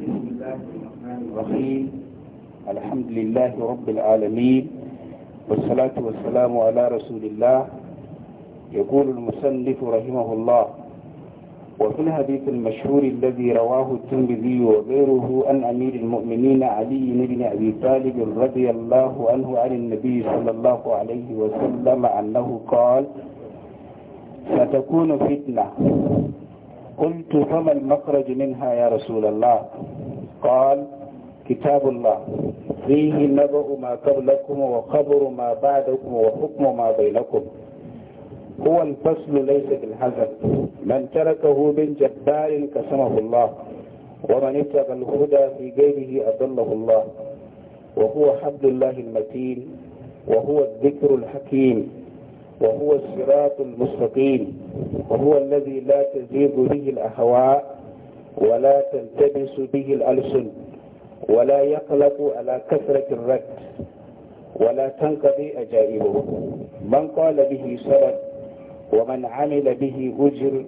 بسم الله الرحمن الرحيم الحمد لله رب العالمين والصلاة والسلام على رسول الله يقول المسنف رحمه الله وفي الحديث المشهور الذي رواه الترمذي وغيره عن أمير المؤمنين علي بن أبي طالب رضي الله عنه عن النبي صلى الله عليه وسلم أنه قال ستكون فتنة قلت فما المخرج منها يا رسول الله قال كتاب الله فيه نبأ ما قبلكم وخبر ما بعدكم وحكم ما بينكم هو الفصل ليس بالحزن من تركه من جبار كسمه الله ومن اتقى الهدى في غيره أضله الله وهو حبل الله المتين وهو الذكر الحكيم وهو الصراط المستقيم وهو الذي لا تزيغ به الأهواء ولا تلتبس به الألسن ولا يقلق على كثرة الرد ولا تنقضي أجائبه من قال به سبب ومن عمل به أجر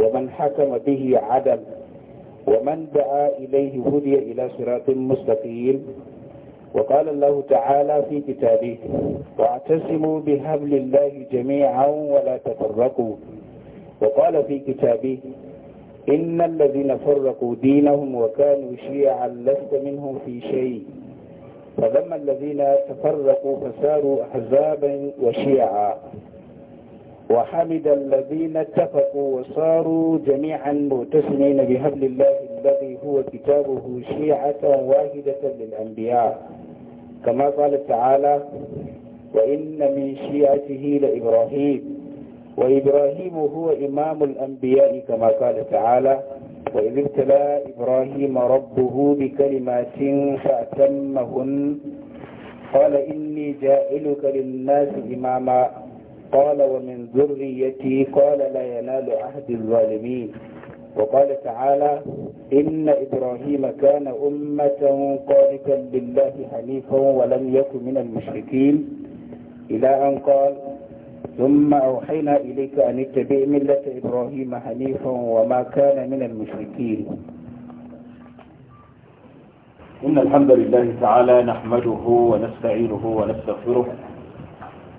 ومن حكم به عدل ومن دعا إليه هدي إلى صراط مستقيم وقال الله تعالى في كتابه واعتصموا بحبل الله جميعا ولا تفرقوا وقال في كتابه إن الذين فرقوا دينهم وكانوا شيعا لست منهم في شيء فلما الذين تفرقوا فساروا أحزابا وشيعا وحمد الذين اتفقوا وصاروا جميعا مؤتسمين بحبل الله الذي هو كتابه شيعة واحدة للأنبياء كما قال تعالى وإن من شيعته لإبراهيم وإبراهيم هو إمام الأنبياء كما قال تعالى وإذ ابتلى إبراهيم ربه بكلمات فأتمهن قال إني جائلك للناس إماما قال ومن ذريتي قال لا ينال عهد الظالمين وقال تعالى إن إبراهيم كان أمة قانتا لله حنيفا ولم يكن من المشركين إلى أن قال ثم أوحينا إليك أن اتبع ملة إبراهيم حنيفا وما كان من المشركين إن الحمد لله تعالى نحمده ونستعينه ونستغفره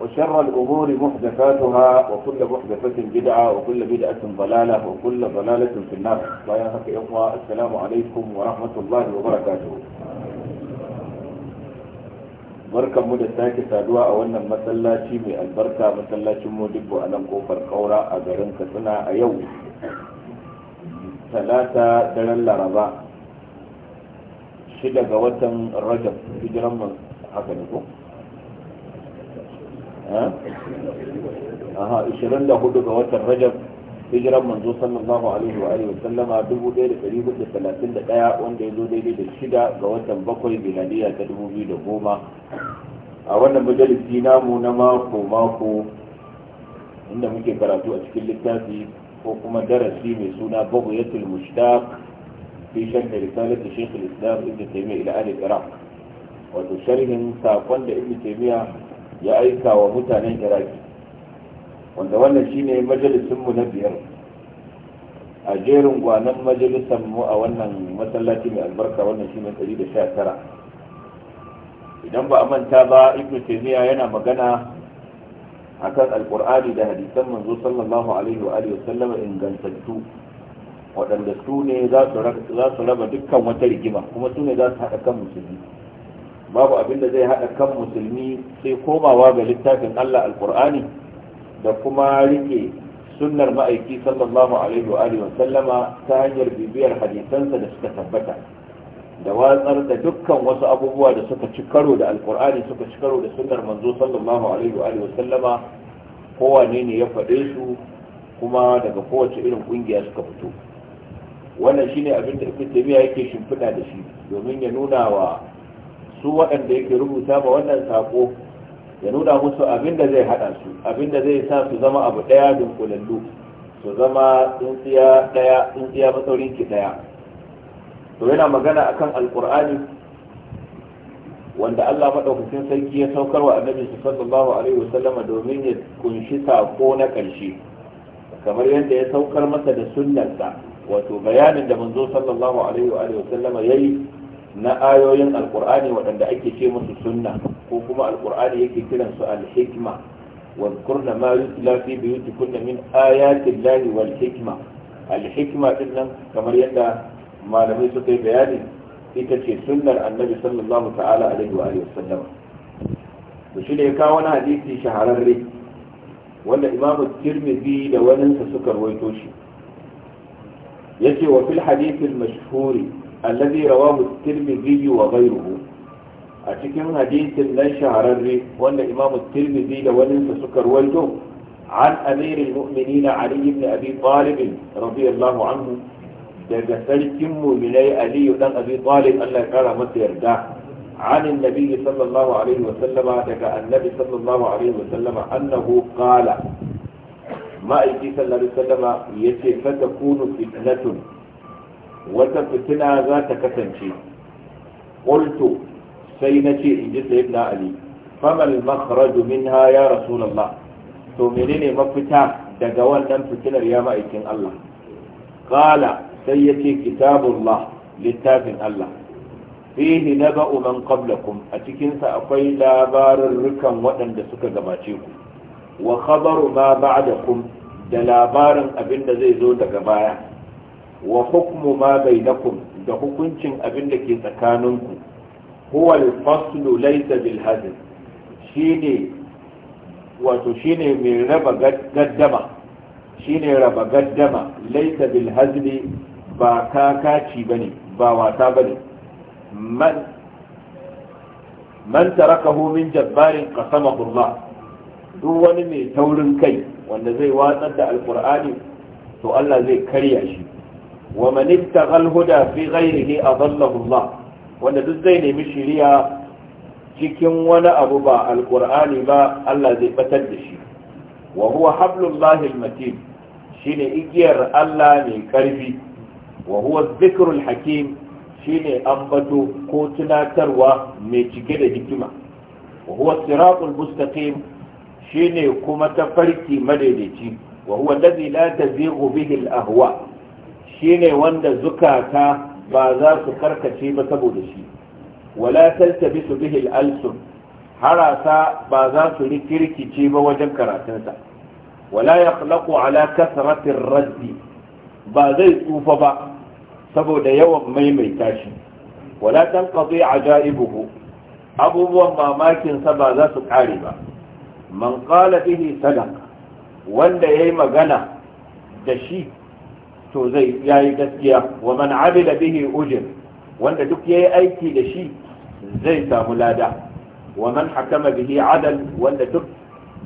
وشر الأمور محدثاتها وكل محدثة بدعة وكل بدعة ضلالة وكل ضلالة في النار بايا إخوة السلام عليكم ورحمة الله وبركاته barkan mu da sake saduwa a wannan masallaci mai albarka masallacin modibbo a nan kofar kaura a garin katsina a yau talata daren laraba shida ga watan rajab hijiran haka ne ها 24 ga watan rajab hijiran manzo sallallahu alaihi wa alihi sallama 1431 wanda ya zo daidai da shida ga watan bakwai biladiya ta 2010 a wannan majalisi namu na mako mako inda muke karatu a cikin littafi ko kuma darasi mai suna baghyatul mushtaq fi sharh risalat shaykh al-islam ibn taymiyyah ila ali iraq wato sharhin sakon da ibn taymiyyah ya aika wa mutanen iraki wanda wannan shine majalisunmu na biyar a jerin gwanon majalisunmu a wannan masallaci mai albarka wannan shine 119 idan ba a manta ba ibn taymiya yana magana akan alkur'ani da hadisan manzo sallallahu alaihi wa alihi wasallama ingantattu waɗanda su ne za su raba dukkan wata rigima kuma su ne za su haɗa kan musulmi babu abin da zai haɗa kan musulmi sai komawa ga littafin Allah alkur'ani da kuma rike sunnar ma'aiki sallallahu alaihi wa alihi sallama ta hanyar bibiyar hadisansa da suka tabbata da watsar da dukkan wasu abubuwa da suka ci karo da alkur'ani suka ci karo da sunnar manzo sallallahu alaihi wa alihi sallama kowane ne ya faɗe su kuma daga kowace irin kungiya suka fito wannan shine abin da ibn taymiya yake shimfiɗa da shi domin ya nuna wa su waɗanda yake rubuta ba wannan sako ya nuna musu abin da zai haɗa su abin da zai sa su zama abu ɗaya dunkulallu su zama tsintsiya ɗaya tsintsiya matsaurin ki ɗaya to yana magana akan alkur'ani wanda Allah madaukakin sarki ya saukar wa annabi sallallahu alaihi wasallama domin ya kunshi sako na ƙarshe kamar yadda ya saukar masa da sunnarsa wato bayanin da manzo sallallahu alaihi wa alihi ya yayi na ayoyin alkur'ani waɗanda ake ce musu sunna ko kuma alkur'ani yake kiran su alhikma wadkurna ma yutla fi buyutikunna min ayatin lahi wal hikma din nan kamar yadda malamai suka yi bayani ita ce sunnar annabi sallallahu ta'ala alaihi wa alihi wasallam to shi ne ya kawo wani hadisi shahararre wanda imamu tirmidhi da waninsa suka rawaito shi yace wa fil hadith mashhuri allazi rawahu tirmidhi wa ghayruhu a cikin hadisin nan shahararre wanda imam tirmidhi da waninsa suka ruwaito عن أمير المؤمنين علي ali ibn طالب رضي الله عنه daga sarkin muminai aliyu dan abi talib Allah ya kara masa yarda عن النبي صلى الله عليه وسلم دقى النبي صلى الله عليه وسلم أنه قال ما أيدي صلى الله عليه وسلم يتي فتكون فتنة wata fitina za ta kasance qultu sai na ce in ji sayyidina ali famal makhraju minha ya rasulullah to menene mafita daga wannan fitinar ya ma'aikin Allah qala sai yace kitabullah littafin Allah fihi naba'u man qablakum a cikin sa akwai labarin rukan waɗanda suka gabace ku wa khabaru ma ba'dakum da labarin abin da zai zo daga baya wa hukmu ma bainakum da hukuncin abin da ke tsakaninku huwa al-faslu laysa bil hazl shine wato shine mai raba gaddama shine raba gaddama laysa bil hazli ba kakaci bane ba wata bane man man tarakahu min jabbarin kasama Allah duk wani mai taurin kai wanda zai watsar da alqur'ani to Allah zai karya shi wa man ittaghal huda fi ghayrihi a Allah wanda duk zai nemi shiriya cikin wani abu ba alqur'ani ba Allah zai batar da shi wa huwa hablullahi almatin shine igiyar Allah mai karfi wa huwa dhikrul hakim shine ambato ko tunatarwa mai cike da hikima wa huwa siratul mustaqim shine kuma tafarki madaidaici wa huwa allazi la tazighu bihi al-ahwa shine wanda zukata ba za su karkace ba saboda shi wala taltabisu bihi bihil alsun harasa ba za su rikirkice ba wajen karatunsa wala yaqlaqu ala kasratir raddi ba zai tsufa ba saboda yawan maimaita shi wala tanqadi ajaibuhu abubuwan mamakin sa ba za su kare ba man qala bihi sadaq wanda yayi magana da shi to zai yayi gaskiya wa man amila bihi ujr wanda duk yayi aiki da shi zai samu lada wa man hakama bihi adal wanda duk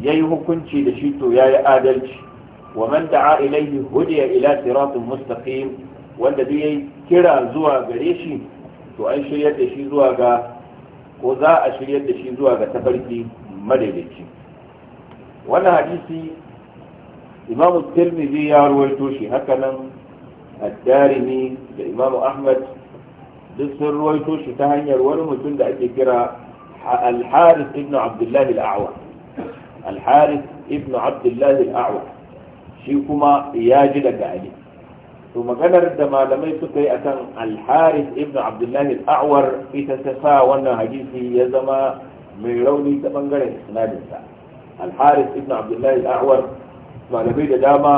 yayi hukunci da shi to yayi adalci wa man da'a ilayhi hudiya ila siratin mustaqim wanda duk yayi kira zuwa gare shi to an shiryar da shi zuwa ga ko za a shiryar da shi zuwa ga tafarki madaidaici wannan hadisi imamu tirmidhi ya ruwaito shi haka nan addarimi da imamu ahmad duk sun ruwaito shi ta hanyar wani mutum da ake kira al ibn abdullah al-a'wa al ibn abdullah al-a'wa shi kuma ya ji daga ali to maganar da malamai suka yi akan al ibn abdullah al-a'war ita ta sa wannan hadisi ya zama mai rauni ta bangaren isnadinsa al ibn abdullah al malamai da dama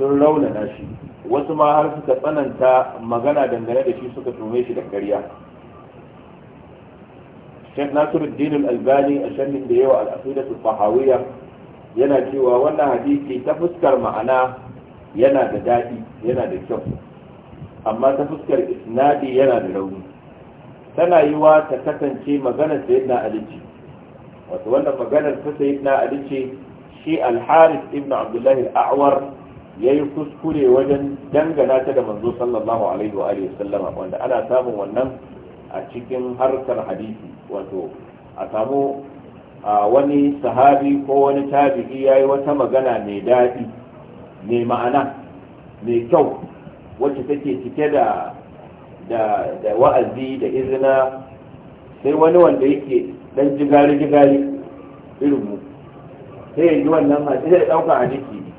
sun raunana shi wasu ma har suka tsananta magana dangane da shi suka tume shi da ƙarya shek Nasiruddin Al-Albani a shannin da yawa al'asirar su fahawiya yana cewa wannan hadisi ta fuskar ma'ana yana da daɗi yana da kyau amma ta fuskar isnadi yana da rauni tana yi wa ta kasance maganar sayidna Ali wato wannan maganar ta sayidna Ali shi al ibnu ibn abdullahi al-a'war yayi kuskure wajen dangana ta da manzo sallallahu alaihi wa alihi sallama wanda ana samun wannan a cikin harkar hadisi wato a samu wani sahabi ko wani tabi'i yayi wata magana mai daɗi mai ma'ana mai kyau wacce take cike da da wa'azi da izina sai wani wanda yake ɗan jigari jigari irin mu sai yanzu wannan masu zai dauka hadisi ne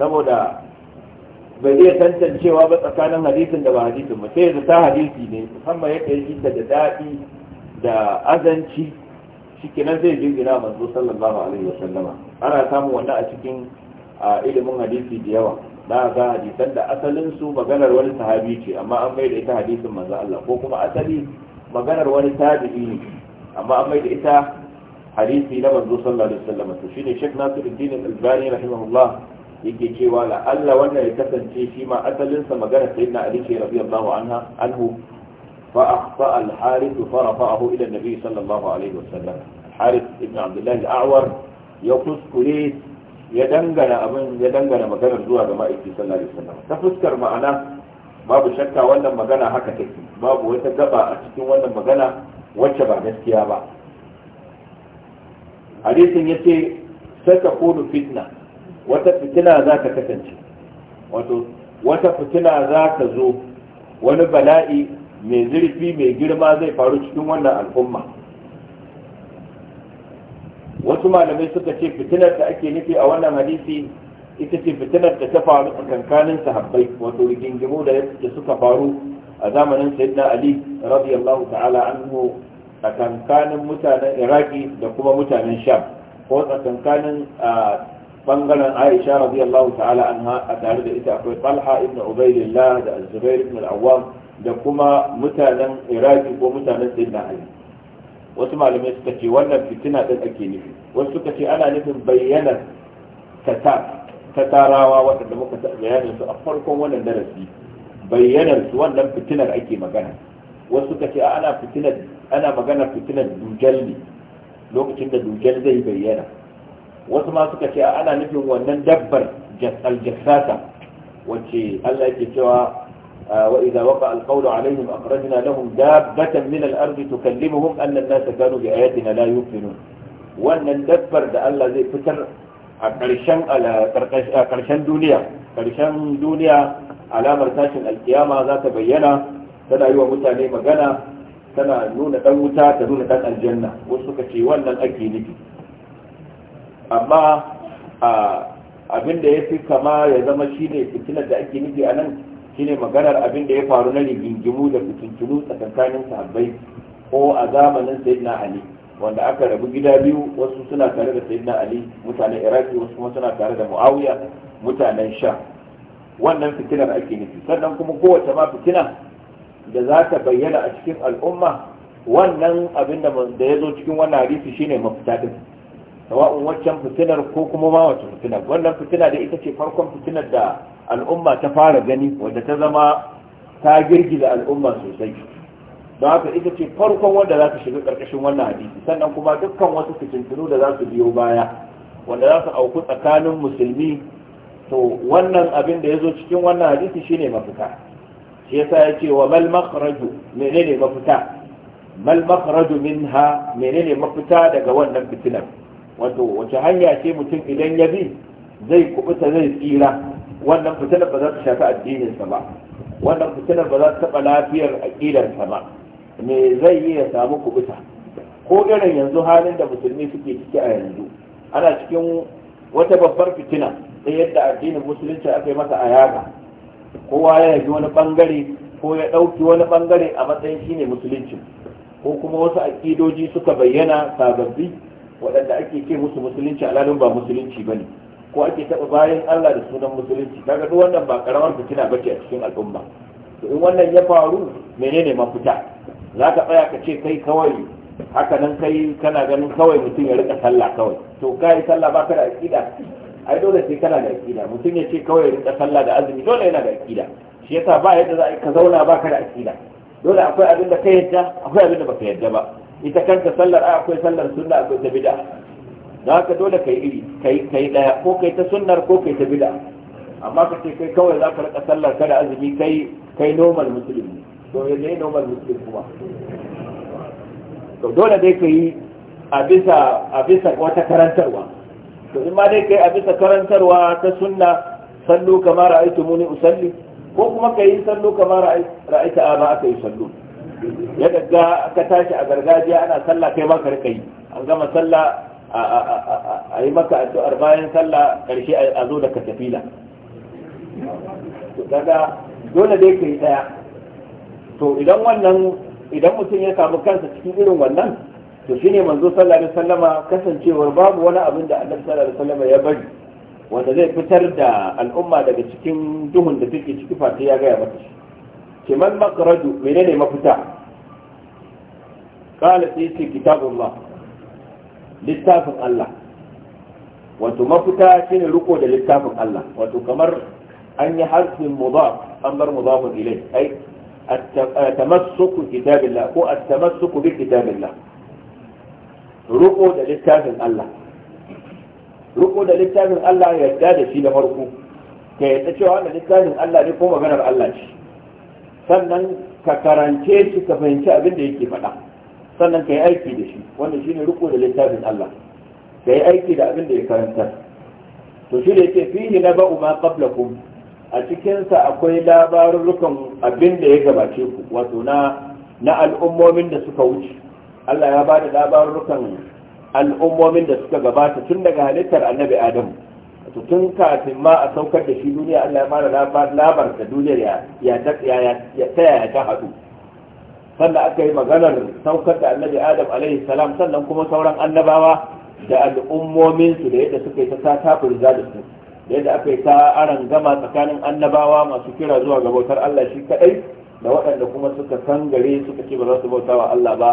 saboda bai iya tantancewa ba tsakanin hadisin da ba hadisin ba sai ya ta hadisi ne musamman ya kai da daɗi da azanci shi nan zai jingina manzo sallallahu alaihi wasallama ana samun wannan a cikin ilimin hadisi da yawa na ga hadisan da asalin su maganar wani sahabi ce amma an mai da ita hadisin manzo Allah ko kuma asali maganar wani tabi'i ne amma an mai da ita hadisi na manzo sallallahu alaihi wasallam to shine Sheikh Nasiruddin Al-Albani rahimahullah yake cewa la Allah wanda ya kasance shi ma asalin sa magana sayyidina Ali ce radiyallahu anha anhu fa akhfa al-harith fa rafa'ahu ila an-nabi sallallahu alaihi wasallam harith ibn Abdullah al-A'war ya kuskure ya dangana abin ya dangana maganar zuwa ga ma'aiki sallallahu alaihi wasallam ta fuskar ma'ana babu shakka wannan magana haka take babu wata gaba a cikin wannan magana wacce ba gaskiya ba hadisin yace saka kunu fitna wata fitina za ta kasance wato wata fitina za ta zo wani bala'i mai zurfi mai girma zai faru cikin wannan al'umma wasu malamai suka ce fitinar da ake nufi a wannan hadisi ita ce fitinar da ta faru a kankanin sahabbai wato rigingimu da suka faru a zamanin sayyidina ali radiyallahu ta'ala anhu tsakankanin mutanen iraki da kuma mutanen sham ko tsakankanin bangaren aisha radiyallahu ta'ala anha a tare da ita akwai talha ibn ubaidillah da zubair ibn al-awwam da kuma mutanen iraki ko mutanen dinna ali wasu malamai suka ce wannan fitina din ake nufi wasu suka ce ana nufin bayyanar ta tarawa waɗanda muka bayanin su a farkon wannan darasi bayyanar su wannan fitinar ake magana wasu suka ce ana fitinar ana magana fitinar dujal ne lokacin da dujal zai bayyana wasu ma suka ce ana nufin wannan dabbar aljassasa wacce Allah yake cewa ah, wa idza waqa alqawlu alaihim akhrajna lahum dabbatan min al-ardi tukallimuhum anna an-nasa kanu bi ayatina la yuqinun wannan dabbar da Allah zai fitar a ƙarshen a duniya ƙarshen duniya alamar tashin alkiyama za ta bayyana tana yi wa mutane magana tana nuna dan wuta ta nuna dan aljanna wasu suka ce wannan ake nufi amma abin da ya fi kama ya zama shine fitinar da ake nufi a nan shine maganar abinda ya faru na rigingimu da fitintunu tsakankanin sahabbai ko a zamanin sayyidina ali wanda aka rabu gida biyu wasu suna tare da sayyidina ali mutanen iraki wasu kuma suna tare da muawiya mutanen sha wannan fitinar ake nufi sannan kuma kowace ma fitina da za ta bayyana a cikin al'umma wannan abin da ya zo cikin wannan hadisi shine mafita din sawa'un waccan fitinar ko kuma ma wacce fitinar wannan fitina da ita ce farkon fitinar da al'umma ta fara gani wadda ta zama ta girgiza al'umma sosai don haka ita ce farkon wanda za ta shiga ƙarƙashin wannan hadisi sannan kuma dukkan wasu fitintunu da za su biyo baya wanda za su auku tsakanin musulmi to wannan abin da ya zo cikin wannan hadisi shine mafita shi yasa ce wa mal makhraju menene mafita mal makhraju minha menene mafita daga wannan fitinar wato wace hanya ce mutum idan ya bi zai kubuta zai tsira wannan fitinar ba za ta shafi addininsa ba wannan fitinar ba za ta taba lafiyar aƙidarsa ba me zai yi ya samu kubuta ko irin yanzu halin da musulmi suke ciki a yanzu ana cikin wata babbar fitina ta yadda addinin musulunci aka yi masa a ayaga kowa ya yabi wani bangare ko ya ɗauki wani bangare a matsayin shine musulunci ko kuma wasu akidoji suka bayyana sababbi waɗanda ake ce musu musulunci alalun ba musulunci ba ne ko ake taɓa bayan allah da sunan musulunci kaga duk wannan ba ƙaramar fitina ba ce a cikin al'umma to in wannan ya faru menene mafita za ka tsaya ka ce kai kawai haka nan kai kana ganin kawai mutum ya rika sallah kawai to kai sallah ba ka da aƙida ai dole sai kana da aqida mutum ya ce kawai rinka sallah da azumi dole yana da aqida shi yasa ba yadda za a ka zauna ba ka da aqida dole akwai abin da ka yadda akwai abin da baka yadda ba ita kanta sallar a akwai sallar sunna akwai ta bid'a don haka dole kai iri kai kai daya ko kai ta sunnar ko kai ta bid'a amma ka ce kai kawai za ka rika sallar ka da azumi kai kai normal musulmi to yanzu normal musulmi kuma to dole dai ka yi a bisa wata karantarwa to in ma dai kai a bisa karantarwa ta sunna sallu kama ra'aytu muni usalli ko kuma kai sallu kama a aba aka yi sallu ya daga aka tashi a gargajiya ana sallah kai ma ka rika yi an gama sallah a yi maka addu'ar bayan sallah karshe a zo da katafila daga dole dai kai daya to idan wannan idan mutum ya samu kansa cikin irin wannan to ne manzo sallallahu alaihi wasallama kasancewar babu wani abin da annabi sallallahu alaihi wasallama ya bari wanda zai fitar da al'umma daga cikin duhun da take ciki fata ya gaya mata shi kiman makaraju menene mafita kala sai ce kitabullah littafin Allah wato mafita shine riko da littafin Allah wato kamar an yi harfin mudaf an bar mudafun ilai ai at-tamassuku kitabillah ko at-tamassuku bi kitabillah riko da littafin Allah riko da littafin Allah yarda da shi da farko ka yarda cewa wannan littafin Allah ne ko maganar Allah ce sannan ka karance shi ka fahimci abin da yake faɗa sannan ka yi aiki da shi wanda shine riko da littafin Allah ka yi aiki da abin da ya karanta to shi da yake fihi na ba'u ma qablakum a cikinsa akwai labarurrukan abin da ya gabace ku wato na na al'ummomin da suka wuce Allah ya ba da labarukan al'ummomin da suka gabata tun daga halittar annabi Adamu to tun kafin ma a saukar da shi duniya Allah ya bada labar da duniyar ya ya ta haɗu sannan aka yi maganar saukar da annabi Adam alaihi salam sannan kuma sauran annabawa da al'ummominsu da yadda suka yi ta ta furza da su da yadda aka yi ta aran gama tsakanin annabawa masu kira zuwa ga bautar Allah shi kaɗai da waɗanda kuma suka gare suka ce ba za su bauta wa Allah ba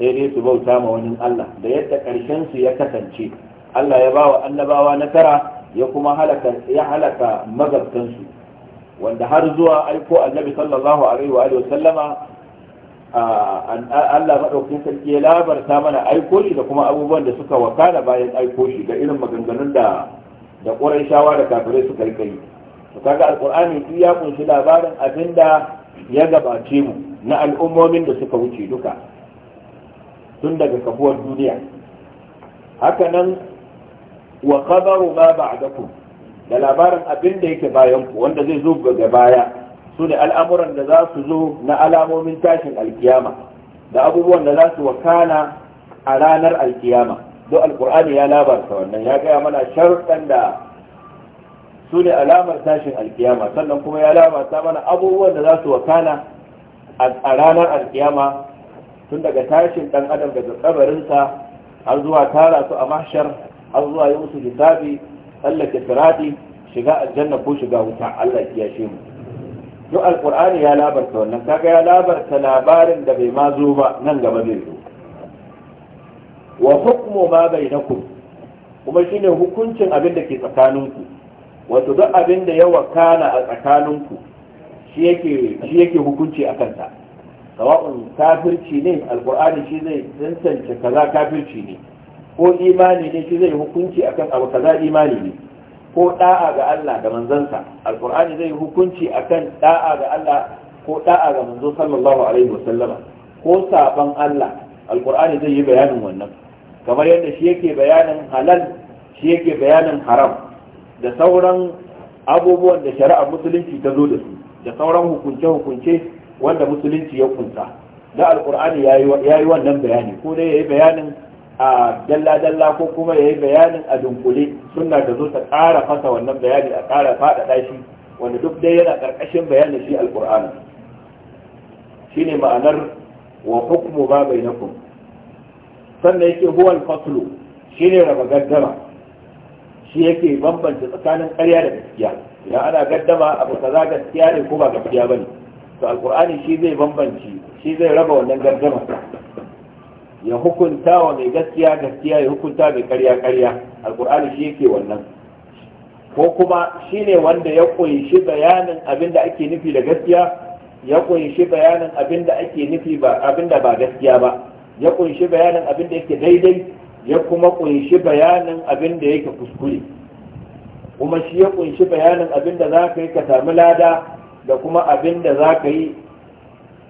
sai dai su bauta ma wani Allah da yadda karshen su ya kasance Allah ya bawa annabawa nasara ya kuma halaka ya halaka magabtan su wanda har zuwa aiko annabi sallallahu alaihi wa sallama Allah maɗaukin sarki ya labarta mana aiko shi da kuma abubuwan da suka wakana bayan aiko shi ga irin maganganun da da shawa da kafirai suka yi kai to kaga alqur'ani duk ya kunshi labarin abinda ya gabace mu na al'ummomin da suka wuce duka tun daga kafuwar duniya hakanan wa khabaru ma ba'dakum da labarin abin da yake bayan ku wanda zai zo ga baya su ne al'amuran da za su zo na alamomin tashin alkiyama da abubuwan da za su wakana a ranar alkiyama Do alkur'ani ya labarta wannan ya gaya mana sharuɗan da su ne alamar tashin alkiyama sannan kuma ya labarta mana abubuwan da za su wakana a ranar alkiyama tun daga tashin dan adam daga kabarinsa har zuwa tara su a mahshar har zuwa yi musu hisabi tsallake firadi, shiga aljanna ko shiga wuta Allah ya shi mu to alqur'ani ya labarta wannan kaga ya labarta labarin da bai ma zo ba nan gaba zai zo wa hukmu ma bainakum kuma shine hukuncin abin da ke tsakaninku wato duk abin da ya wakana a tsakaninku shi yake shi yake hukunci a kansa sawa'un kafirci ne alkur'ani shi zai tantance kaza kafirci ne ko imani ne shi zai hukunci akan abu kaza imani ne ko da'a ga Allah da manzansa alkur'ani zai hukunci akan da'a ga Allah ko da'a ga manzo sallallahu alaihi wasallama ko saban Allah alkur'ani zai yi bayanin wannan kamar yadda shi yake bayanin halal shi yake bayanin haram da sauran abubuwan da shari'ar musulunci ta zo da su da sauran hukunce-hukunce wanda musulunci ya kunsa da alkur'ani ya yi wannan bayani ko dai ya yi bayanin a dalla-dalla ko kuma ya yi bayanin a dunkule suna da zo ta ƙara fasa wannan bayani a ƙara faɗaɗa shi wanda duk dai yana ƙarƙashin bayanin shi alkur'ani shi ne ma'anar wa hukumu ba bai na kun sannan yake huwal faslu shi ne raba gaddama shi yake bambanta tsakanin ƙarya da gaskiya idan ana gaddama abu kaza gaskiya ne ko ba gaskiya ba ne to alkur'ani shi zai bambanci shi zai raba wannan gargama ya hukunta wa mai gaskiya gaskiya ya hukunta mai karya karya alkur'ani shi yake wannan ko kuma shi ne wanda ya kunshi bayanin abin da ake nufi da gaskiya ya kunshi bayanin abin da ake nufi ba abin da ba gaskiya ba ya kunshi bayanin abin da yake daidai ya kuma kunshi bayanin abin da yake kuskure kuma shi ya kunshi bayanin abin da za ka yi ka sami lada da kuma abin da za ka yi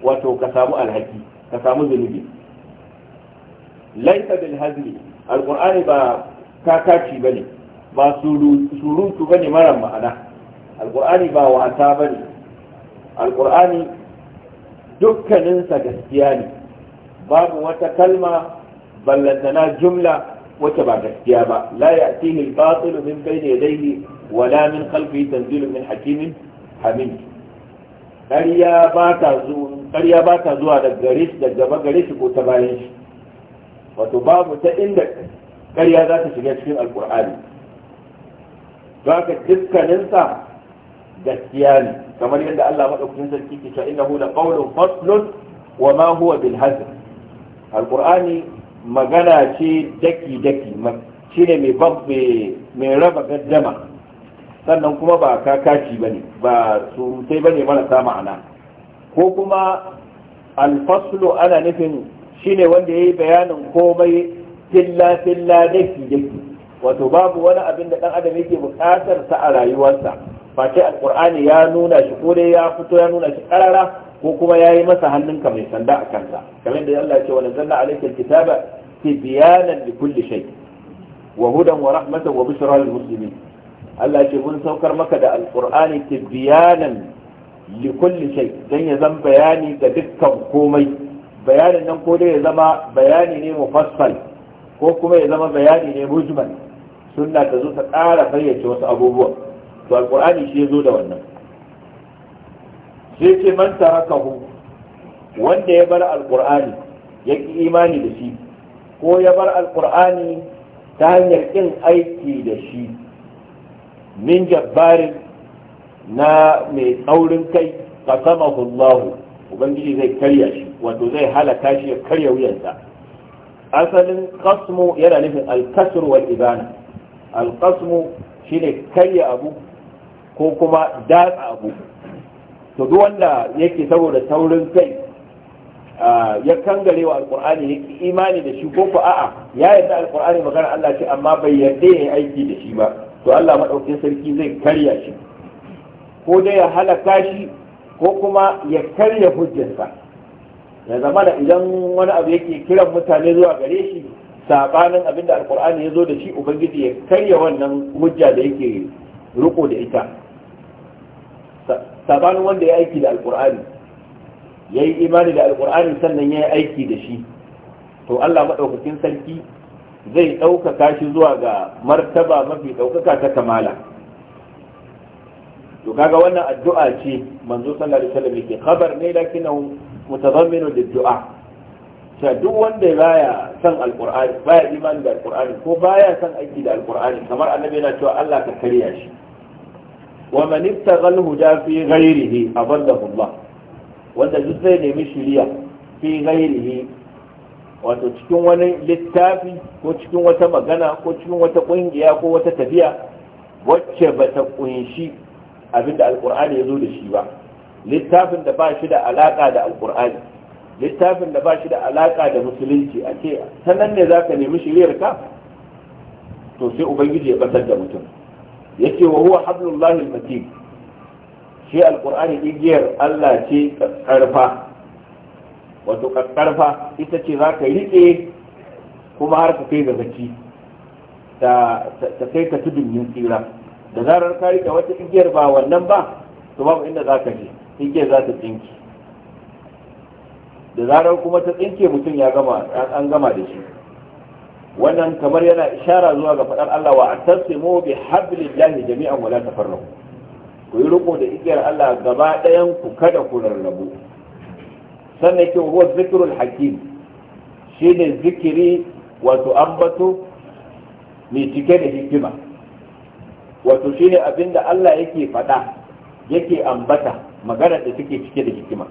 wato ka samu alhaki ka samu zunubi laisa bil hazli alqur'ani ba kakaci bane ba surutu bane mara ma'ana alqur'ani ba wasa ne. alkur'ani dukkaninsa gaskiya ne babu wata kalma ballantana jumla wacce ba gaskiya ba la ya'tihi al-batil min bayni yadayhi wala min khalfihi tanzilu min hakimin hamid ƙarya ba ta zuwa da gare shi daga gaba gare shi ko ta bayan shi wato babu ta inda ƙarya za ta shiga cikin alƙur'ani za ka dukkaninsa gaskiya ne kamar yadda Allah maɗaukakin sarki ke cewa innahu la qawlun faslun wa ma huwa bil hazl magana ce daki daki shine mai babbe mai raba gaddama sannan kuma ba ka bane ba surutai bane marasa ma'ana ko kuma alfaslo ana nufin shine wanda ya yi bayanin komai filla filla daki daki wato babu wani abin da dan adam yake buƙatar sa a rayuwarsa face Alƙur'ani ya nuna shi ko dai ya fito ya nuna shi ƙarara ko kuma yayi masa hannunka mai sanda a kansa kamar da Allah ya ce wa nazzalna alayka alkitaba tibyanan likulli shay wa hudan wa rahmatan wa bushra lil muslimin Allah ce mun saukar maka da alkur'ani tibyanan li kulli shay dan ya zama bayani ga dukkan komai bayanin nan ko dai ya zama bayani ne mufassal ko kuma ya zama bayani ne mujmal sunna ta zo ta ƙara fayyace wasu abubuwa to alqur'ani shi ya zo da wannan sai ce man tarakahu wanda ya bar alkur'ani ya ki imani da shi ko ya bar alkur'ani ta hanyar ƙin aiki da shi min jabbarin na mai tsaurin kai qasamahu Allah ubangiji zai karya shi wato zai halaka shi ya karya wuyansa asalin qasmu yana nufin al wal ibana al shi shine karya abu ko kuma datsa abu to duk wanda yake saboda taurin kai ya kangare wa alkur'ani ya imani da shi ko ku a'a ya yarda alkur'ani magana Allah ce amma bai yarda ya yi aiki da shi ba to Allah maɗaukin sarki zai karya shi ko dai ya halaka shi ko kuma ya karya hujjarsa ya zama da idan wani abu yake kiran mutane zuwa gare shi sabanin abin da alkur'ani ya zo da shi ubangiji ya karya wannan hujja da yake riko da ita sabanin wanda ya aiki da alkur'ani ya yi imani da alkur'ani sannan ya yi aiki da shi to allah maɗaukakin sarki zai ɗaukaka shi zuwa ga martaba mafi ɗaukaka ta kamala to kaga wannan addu'a ce manzo sallallahu alaihi wasallam yake khabar ne lakinnahu mutadamminu lid-du'a ta duk wanda baya san alqur'ani baya imani da alqur'ani ko baya san aiki da alqur'ani kamar annabi yana cewa Allah ka kariya shi wa man ittaghal huda fi ghairihi aballahu Allah wanda duk zai nemi shiriya fi ghairihi wato cikin wani littafi ko cikin wata magana ko cikin wata kungiya ko wata tafiya wacce ba ta kunshi abinda alkur'ani ya zo da shi ba littafin da ba shi da alaka da alkur'ani littafin da ba shi da alaka da musulunci a ce sanan ne za ka nemi shiriyar ka to sai ubangiji ya batar da mutum Ya ce wa huwa hablullahi almatin shi alkur'ani igiyar Allah ce karfa wato kakkarfa ita ce za ka riƙe kuma har ka kai ga zaki ta kai ka tudun yin tsira da zarar ka riƙe wata igiyar ba wannan ba to babu inda za ka je igiyar za ta tsinki da zarar kuma ta tsinke mutum ya gama an gama da shi wannan kamar yana ishara zuwa ga faɗar Allah wa atasimu bi hablillahi jami'an wala tafarraqu ku yi riko da igiyar Allah gaba ɗayan ku kada ku rarrabu sannan yake huwa zikirul hakim shine zikiri wato ambato mai cike da hikima wato shine abinda Allah yake faɗa yake ambata magana da take cike da hikima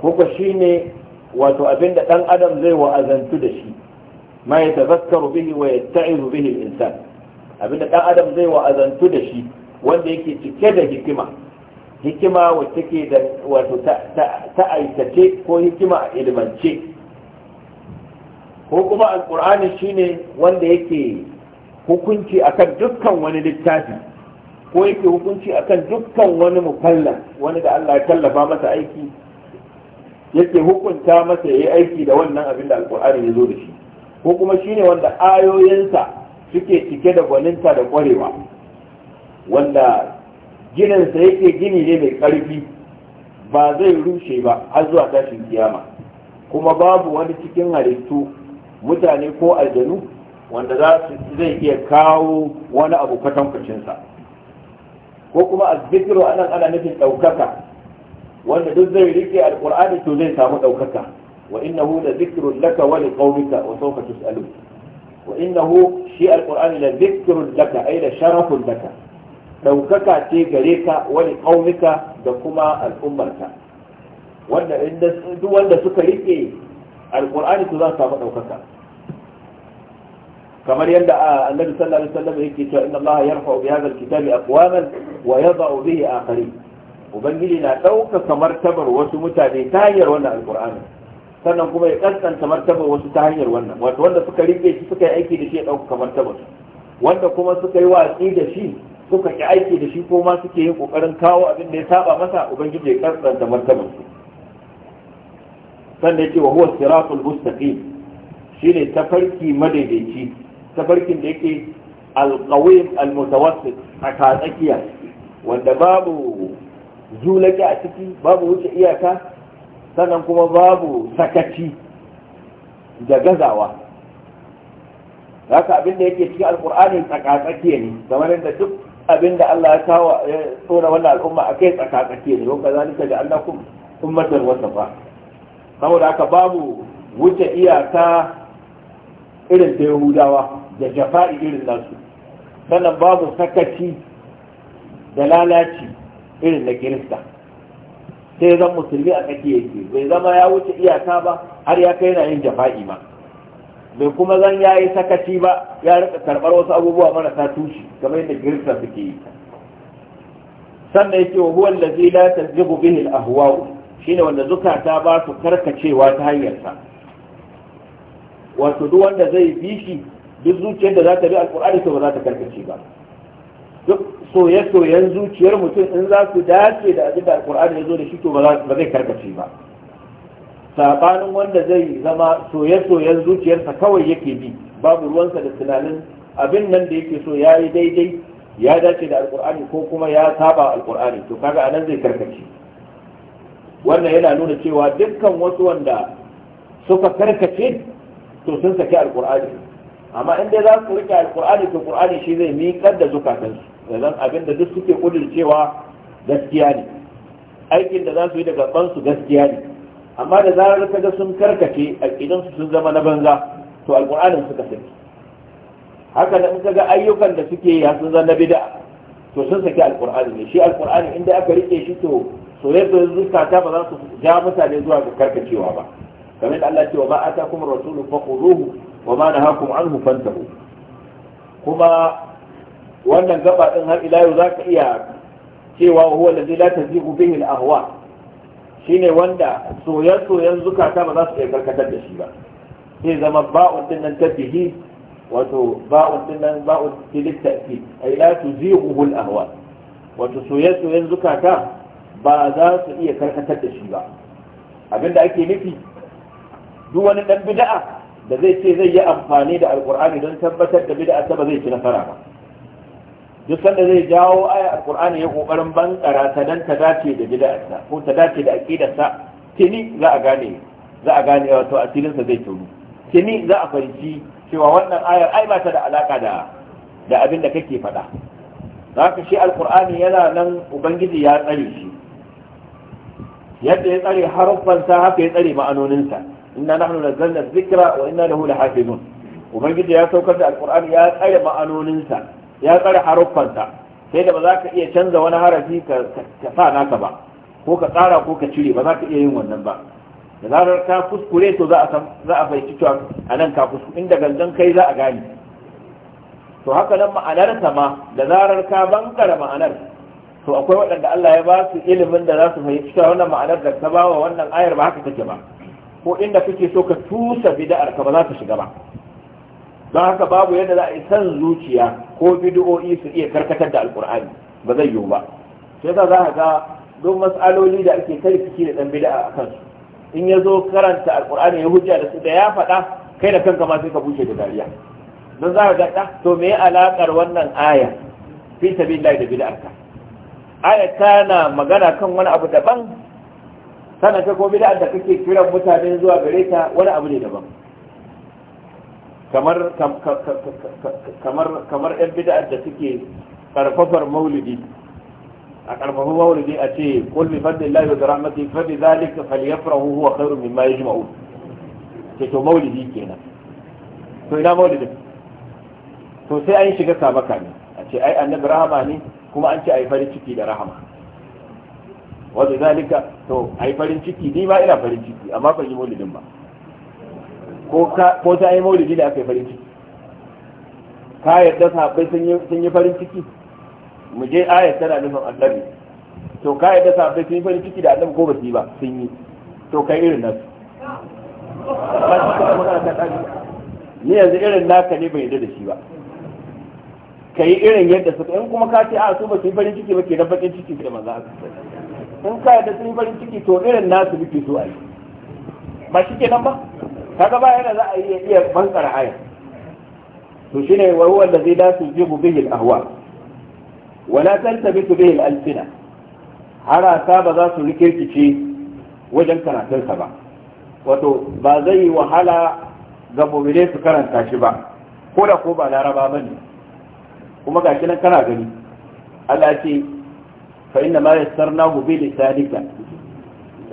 koko shine wato abinda dan adam zai wa'azantu da shi ma ya tazakkaru bihi wa yatta'izu bihi al-insan abinda dan adam zai wa'azantu da shi wanda yake cike da hikima hikima wacce ke da wato ta aikace ko hikima a ilmance ko kuma alkur'ani shine wanda yake hukunci akan dukkan wani littafi ko yake hukunci akan dukkan wani mukalla wani da Allah ya tallafa masa aiki yake hukunta masa yayi aiki da wannan abin da alkur'ani ya zo da shi ko kuma shine wanda ayoyinsa suke cike da gwaninta da ƙwarewa, wanda ginansa yake gini ne mai ƙarfi ba zai rushe ba har zuwa tashin kiyama kuma babu wani cikin halittu mutane ko aljanu wanda za su zai iya kawo wani abu kwatankwacinsa ko kuma a anan ana nufin ɗaukaka wanda duk zai rike alƙur'ani to zai samu ɗaukaka wa innahu la zikrun laka wa liqaumika wa sawfa tus'alun wa innahu shi alqur'ani la zikrun laka ay da sharafun laka ɗaukaka ce gare ka wani ƙaunika da kuma al'ummarka wanda duk wanda suka riƙe alƙur'ani su za su samu ɗaukaka kamar yadda annabi sallallahu alaihi wasallam yake cewa inna allaha yarfa'u bi hadha alkitabi aqwaman wa yada'u bihi akharin ubangiji na kamar martabar wasu mutane ta hanyar wannan alƙur'ani sannan kuma ya kaskanta martabar wasu ta hanyar wannan wato wanda suka riƙe shi suka yi aiki da shi ya ɗaukaka martabar wanda kuma suka yi watsi da shi suka ki aiki da shi ko ma suke yin kokarin kawo abin da ya saba masa ubangiji ya karɓar da martaban su sannan yace wa huwa siratul mustaqim shine tafarki madaidaici tafarkin da yake alqawim almutawassit a tsakiya wanda babu zulaki a ciki babu wuce iyaka sannan kuma babu sakaci da gazawa haka abin da yake cikin alkur'ani tsakatsakiya ne kamar yadda duk abin da Allah ya kawo ya tsora wannan al'umma a kai tsakakake ne wanda za ka ga Allah kun ummatar wata ba saboda haka babu wuce iyaka irin ta Yahudawa da jafa'i irin nasu sannan babu sakaci da lalaci irin na Kirista sai zan musulmi a kake yake bai zama ya wuce iyaka ba har ya kai yana yin jafa'i ma bai kuma zan ya yi sakaci ba ya rika karɓar wasu abubuwa mana ta tushe kamar yadda kirista suke yi sannan yake wa huwa allazi la tazibu bihin ahuwa'u shi ne wanda zukata ba su karkacewa ta hanyarsa wato duk wanda zai bi shi duk zuciyar da za ta bi alƙur'ani to ba za ta karkace ba duk soye-soyen zuciyar mutum in za su dace da abin da alƙur'ani ya zo da shi to ba zai karkace ba sabanin wanda zai zama soye-soyen zuciyarsa kawai yake bi babu ruwansa da tunanin abin nan da yake so ya yi daidai ya dace da alkur'ani ko kuma ya saba alkur'ani to kaga anan zai karkace wannan yana nuna cewa dukkan wasu wanda suka karkace to sun saki alkur'ani amma in dai za su rike alkur'ani to qur'ani shi zai miƙar da zukatansu yanzu abin da duk suke kudircewa gaskiya ne aikin da za su yi da gaban su gaskiya ne amma da zarar ka ga sun karkace aqidan su sun zama na banza to alqur'anin suka saki haka da in ka ga ayyukan da suke ya sun zama bid'a to sun saki alqur'ani ne shi alqur'ani inda aka rike shi to soyayya zuciya ta ba za su ja mutane zuwa ga karkacewa ba kamar da Allah ce wa ma atakum rasulu fakhuduhu wa ma nahakum anhu fantahu kuma wannan gaba din har ila yau zaka iya cewa huwa allazi la tazigu bihi al-ahwa shine wanda soyayyen zukata ba za su iya karkatar da shi ba sai zama ba'un din nan tafihi wato ba'un din nan ba'un tilit tafi ay la tuzihu al ahwa wato soyayyen zukata ba za su iya karkatar da shi ba abinda ake nufi duk wani dan bid'a da zai ce zai yi amfani da alqur'ani don tabbatar da bid'a ta ba zai ci nasara ba duk sanda zai jawo aya alqur'ani ya kokarin bankara ta dan ta dace da bid'arsa ko ta dace da aqidarsa tini za a gane za a gane wato asirinsa zai tono tini za a fahimci cewa wannan ayar ai ba ta da alaka da da abin da kake faɗa zaka shi alqur'ani yana nan ubangiji ya tsare shi yadda ya tsare haruffansa haka ya tsare ma'anoninsa inna nahnu nazzalna dhikra wa inna lahu lahafizun ubangiji ya saukar da alqur'ani ya tsare ma'anoninsa ya tsare haruffansa sai da ba za ka iya canza wani harafi ka sa naka ba ko ka tsara ko ka cire ba za ka iya yin wannan ba da zarar ka kuskure to za a fahimci cewa a nan ka kuskure inda gangan kai za a gane to haka nan ma'anar ma da zarar ka bankara ma'anar to akwai waɗanda Allah ya ba su ilimin da za su fahimci cewa wannan ma'anar da ta ba wa wannan ayar ba haka take ba ko inda kake so ka tusa bid'ar ka ba za ta shiga ba don haka babu yadda za a yi san zuciya ko bid'o'i su iya karkatar da alkur'ani ba zai yiwu ba sai za ka ga duk mas'aloli da ake kai fiki da dan bid'a a kansu in ya zo karanta alkur'ani ya hujja da su da ya faɗa kai da kanka ma sai ka bushe da dariya don za a ga ah, to me alaƙar wannan aya fi sabilillahi da ka aya tana magana kan wani abu daban sannan ko bid'ar da kake kiran mutane zuwa gare ta wani abu ne daban kamar kamar kamar yan bid'ar da suke karfafar maulidi a karfafar maulidi a ce qul bi fadlillahi wa bi rahmatihi fa bi huhu falyafrahu huwa khairun mimma yajma'un ce to maulidi kenan to ina maulidin to sai an shiga sabaka ne a ce ai annabi rahama ne kuma an ce ai farin ciki da rahama wanda zalika to ai farin ciki ni ma ina farin ciki amma ban yi maulidin ba ko ta yi maulidi da aka yi farin ciki ka yarda sahabbai sun yi farin ciki mu je ayat tana nufin annabi to ka yarda sahabbai sun yi farin ciki da annabi ko ba su yi ba sun yi to kai irin nasu ba su kuma ta tsari ni yanzu irin naka ne bai yarda da shi ba ka yi irin yadda suka in kuma ka ce a ah, su ba su yi farin ciki ba ke da bakin ciki da a aka in ka yarda sun yi farin ciki to irin nasu muke so a yi ba shi nan ba kaga ba yana za a iya iya bantsar aya to shine wa huwa allazi ji tujibu bihi al-ahwa wa la tantabitu bihi al-alsina ta ba za su rikirkice wajen karatunsa ba wato ba zai wahala ga mu'mine su karanta shi ba ko da ko ba laraba bane kuma gashi nan kana gani Allah ce fa inna ma yassarnahu bi lisanika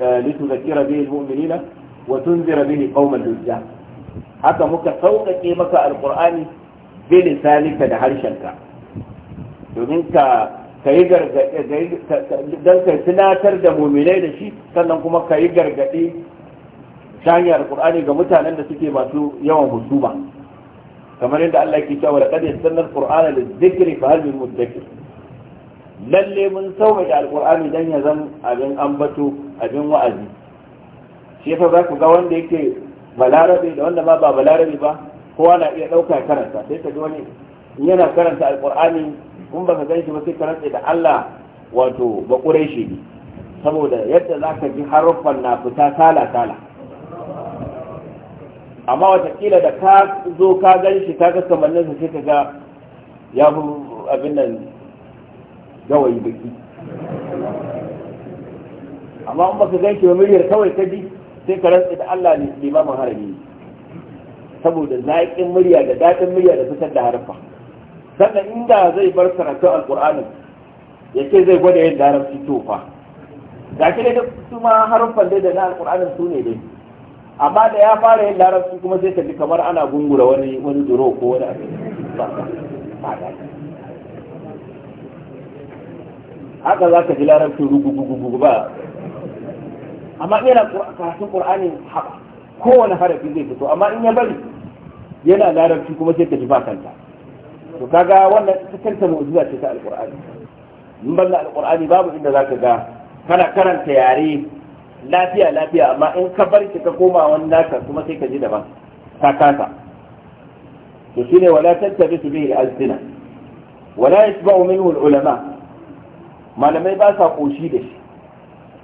eh, zakira bihi al-mu'minina wa tunzira bihi qauman lujja haka muka sauƙaƙe maka alqur'ani bi lisanika da harshenka domin ka kai gargaɗi don kai tunatar da muminai da shi sannan kuma ka yi gargaɗi ta hanyar Al-ƙur'ani ga mutanen da suke masu yawan husuma kamar yadda Allah ke cewa da kada sannar qur'ana zikri fa hal min muddakir lalle mun sauƙaƙe alqur'ani dan ya zan abin ambato abin wa'azi shi yasa za ku ga wanda yake balarabe da wanda ba ba balarabe ba kowa na iya ɗauka karanta sai ka ji wani in yana karanta alƙur'ani kun ba ka gan shi ba sai karanta da Allah wato ba shi ne saboda yadda za ka ji haruffan na fita sala sala amma watakila da ka zo ka gan shi ka ga sa sai ka ga ya fi abin nan gawayi baki amma in ba ka gan shi ba miliyar kawai ka ji sai ka rantsa da Allah ne limamin harami saboda zaƙin murya da daɗin murya da fitar da harfa sannan inda zai bar karatun alƙur'ani ya ce zai gwada yin larabci tofa ga shi dai su ma harfan da na alƙur'anin su ne dai amma da ya fara yin larabci kuma sai ka ji kamar ana gungura wani wani duro ko wani haka za ka ji larabcin rugu-gugu ba amma yana karatun qur'ani haka kowane harafi zai fito amma in ya bari yana larabci kuma sai ka ji ba kanta to kaga wannan ita kanta mu'jiza ce ta alqur'ani in ban da alqur'ani babu inda zaka ga kana karanta yare lafiya lafiya amma in ka bar ka koma wani naka kuma sai ka ji daban ta kasa to shine wala tattabitu bihi al-alsina wala yasba'u minhu alulama malamai ba sa koshi da shi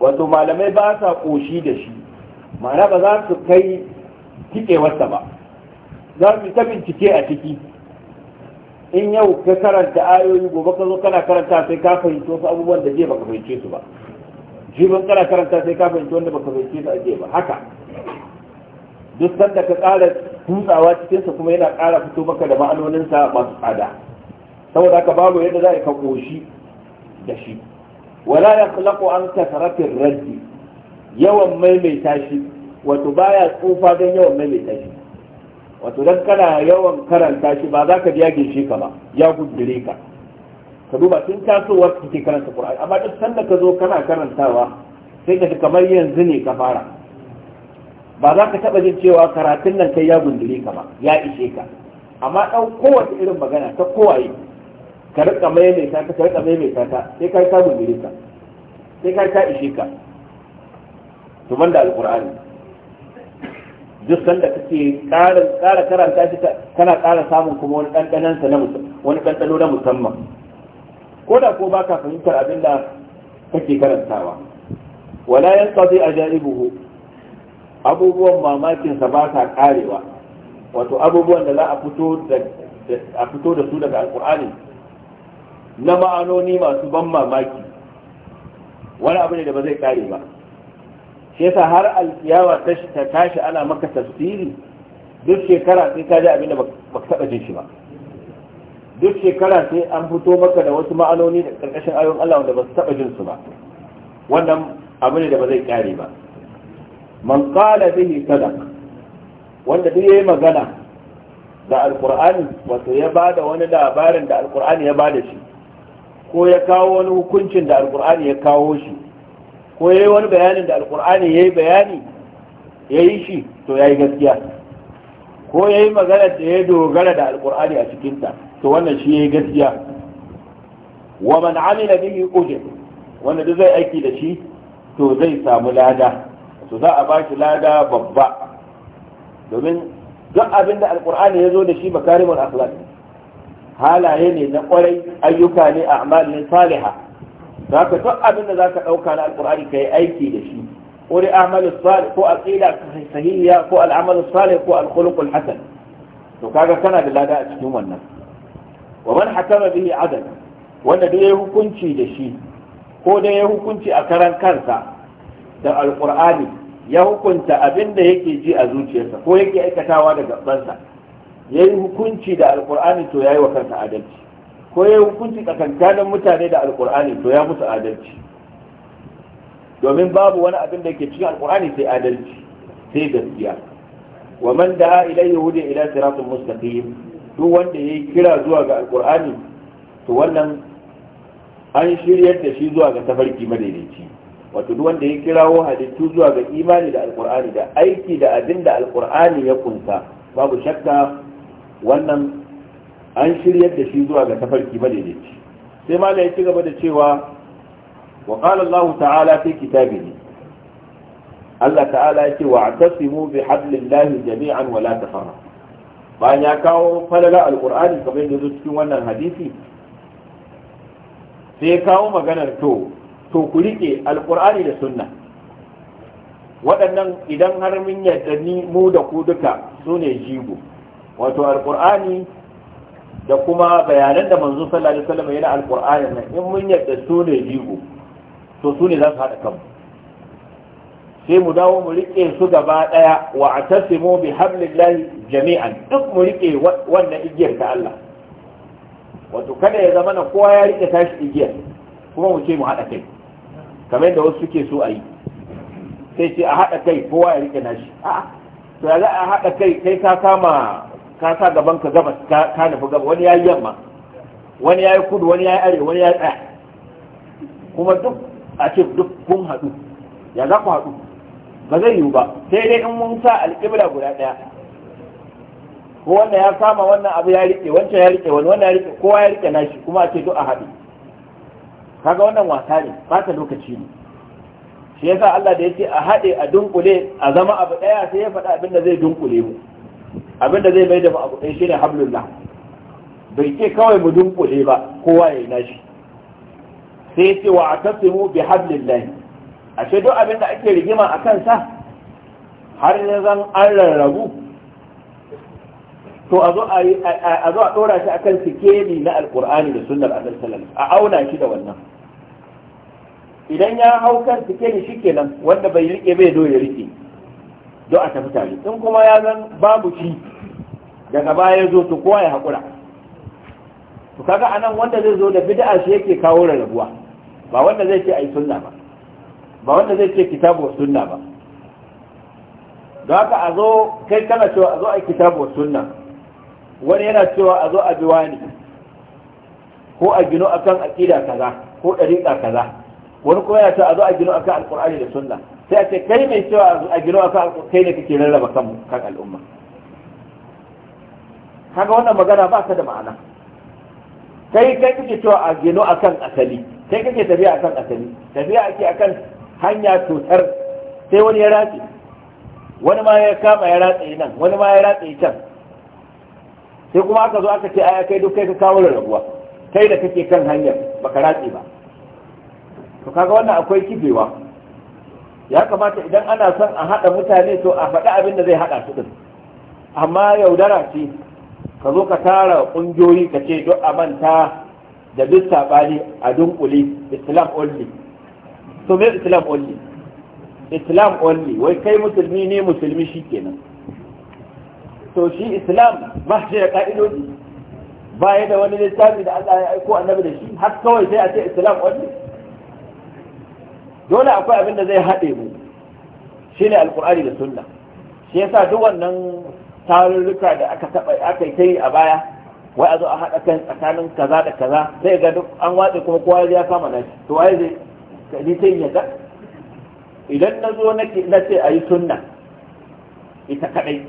wato malamai ba sa koshi da shi ma'ana ba za su kai tikewarsa ba za su ta bincike a ciki in yau ka karanta ayoyi gobe ka zo kana karanta sai ka fahimci wasu abubuwan da je baka fahimce su ba jibin kana karanta sai ka fahimci wanda baka fahimce su a je ba haka duk sanda ka ƙara tutsawa cikinsa kuma yana kara fito maka da ma'anoninsa masu tsada saboda haka babu yadda za ka koshi da shi wala ya yaqlaqu an kasratir raddi yawan maimaita shi wato baya tsufa don yawan maimaita shi wato dan kana yawan karanta shi ba za ka ji ya ka ba ya gudure ka ka duba tun tasowar kake karanta Qur'ani amma duk sanda ka zo kana karantawa sai ka kamar yanzu ne ka fara ba za ka taba jin cewa karatun nan kai ya gundure ka ba ya ishe ka amma ɗau kowace irin magana ta kowaye ka rika maimaita ta ka rika maimaita ta sai ka ka gurgure ka sai ka ta ishe ka to banda alqur'ani duk sanda kake ƙara kara karanta shi kana ƙara samun kuma wani ɗanɗanon sa na wani ɗanɗano na musamman ko da ko baka fahimtar abin da kake karantawa wala yanqadi ajaibuhu abubuwan mamakin sa ba sa karewa wato abubuwan da za a fito da a fito da su daga alqur'ani na ma'anoni masu ban mamaki wani abu ne da ba zai kare ba shi yasa har alkiyawa ta tashi ana maka tafsiri duk shekara sai ka ji abin da baka taɓa jin shi ba duk shekara sai an fito maka da wasu ma'anoni da ƙarƙashin ayoyin Allah wanda ba su taɓa jin su ba wannan abu ne da ba zai kare ba man qala bihi sadaq wanda duk yayi magana da alqur'ani wato ya bada wani labarin da alqur'ani ya bada shi ko ya kawo wani hukuncin da alkur'ani ya kawo shi ko ya yi wani bayanin da alkur'ani ya yi bayani ya yi shi to ya yi gaskiya ko ya yi magana da ya dogara da alkur'ani a cikinta to wannan shi ya yi gaskiya wa man amila bihi ujr wanda duk zai aiki da shi to zai samu lada to za a ba shi lada babba domin duk abin da alkur'ani ya zo da shi makarimul akhlaq halaye ne na kwarai ayyuka ne a amalin saliha za ka duk abin da za ka ɗauka na alƙur'ani ka yi aiki da shi wani amalin salih ko aqida sahihiya ko al'amalin salih ko alkhuluqul hasan to kaga kana da lada a cikin wannan wa man hakama bihi adal wanda duk yayi hukunci da shi ko dai ya hukunci a karan kansa da Alƙur'ani ya hukunta abin da yake ji a zuciyarsa ko yake aikatawa da gabansa ya yi hukunci da alkur'ani to ya yi wa kansa adalci ko ya yi hukunci tsakankanin mutane da alkur'ani to ya musu adalci domin babu wani abin da ke cikin alkur'ani sai adalci sai gaskiya wa man da'a ila yahudi ila siratul mustaqim duk wanda yayi kira zuwa ga alkur'ani to wannan an shiryar da shi zuwa ga tafarki madaidaici wato duk wanda ya kirawo halittu zuwa ga imani da alkur'ani da aiki da abin da alkur'ani ya kunsa babu shakka wannan an shiryar da shi zuwa ga tafarki ce. sai malai ya ci gaba da cewa wa ta'ala Allah ta'ala fi Allah ta'ala ya ce wa'tasimu bi hablillahi jami'an wa la tafarraqu bayan ya kawo falaga alkur'ani kamar yadda cikin wannan hadisi sai kawo maganar to to ku rike alkur'ani da sunna waɗannan idan har mun yadda ni mu da ku duka su ne jigo wato alqur'ani da kuma bayanan da manzo sallallahu alaihi wasallam yana alqur'ani nan in mun yadda su ne jigo to su ne za su hada kanmu sai mu dawo mu rike su gaba daya wa atasimu bi hablillahi jami'an duk mu rike wannan igiyar ta Allah wato kada ya zama na kowa ya rike tashi igiyar kuma mu ce mu hada kai kamar yadda wasu suke so a yi sai ce a haɗa kai kowa ya rike nashi a'a to ya za a haɗa kai kai ka kama ka sa gaban ka gabas ka nufi gaba, wani ya yi yamma wani ya yi kudu wani ya yi arewa wani ya yi tsaya kuma duk a ce duk kun haɗu ya za ku haɗu ba zai yiwu ba sai dai in mun sa alƙibla guda ɗaya ko wanda ya kama wannan abu ya riƙe wancan ya riƙe wani wanda ya riƙe kowa ya riƙe nashi kuma a ce duk a haɗu kaga wannan wasa ne ta lokaci ne shi yasa Allah da ya ce a haɗe a dunkule a zama abu ɗaya sai ya faɗa abin da zai dunkule mu abinda zai mai da abu ɗaya ne hablullah bai ce kawai mu dunkule ba kowa ya yi nashi sai ce wa atasimu bi hablillah ashe duk abinda ake rigima a kansa har ne zan an rarrabu to a zo a ɗora shi a kan shi sikeli na Alƙur'ani da sunnar annabi sallallahu a auna shi da wannan idan ya hau kan sikeli shikenan wanda bai rike bai zo ya rike do a tafi tare in kuma ya zan babu shi daga baya ya zo to kowa ya haƙura to kaga anan wanda zai zo da bid'a shi yake kawo rarrabuwa ba wanda zai ce ai sunna ba ba wanda zai ce kitabu sunna ba don haka a zo kai kana cewa a zo a kitabu sunna wani yana cewa a zo a biwa ne ko a gino akan aqida kaza ko dariqa kaza wani kuma yana cewa a zo a gino akan alqur'ani da sunna sai a ce kai mai cewa a gino akan kai ne kake rarraba kan al'umma kaga wannan magana ba ta da ma'ana kai kai kake cewa a gino akan asali kai kake tafiya akan asali tafiya ake akan hanya cutar sai wani ya ratse wani ma ya kama ya ratse nan wani ma ya ratse can sai kuma aka zo aka ce aya kai duk kai ka kawo rabuwa kai da kake kan hanyar baka ratse ba to kaga wannan akwai kibewa ya kamata idan ana son a haɗa mutane to a faɗi abin da zai haɗa su din amma yaudara ce ka zo ka tara ƙungiyoyi ka ce duk a manta da duk saɓani a dunkule islam only to me islam only islam only wai kai musulmi ne musulmi shi kenan to shi islam ba shi da ƙa'idoji ba ya da wani littafi da Allah ya aiko annabi da shi har kawai sai a ce islam only dole akwai abin da zai haɗe mu shine alkur'ani da sunna shi yasa duk wannan tarurruka da aka taɓa aka yi ta yi a baya wai a zo a haɗa kan tsakanin kaza da kaza sai ga duk an watsa kuma kowa ya kama na shi to waye zai kaji ta yi yadda idan na zo na ce a yi sunna ita kaɗai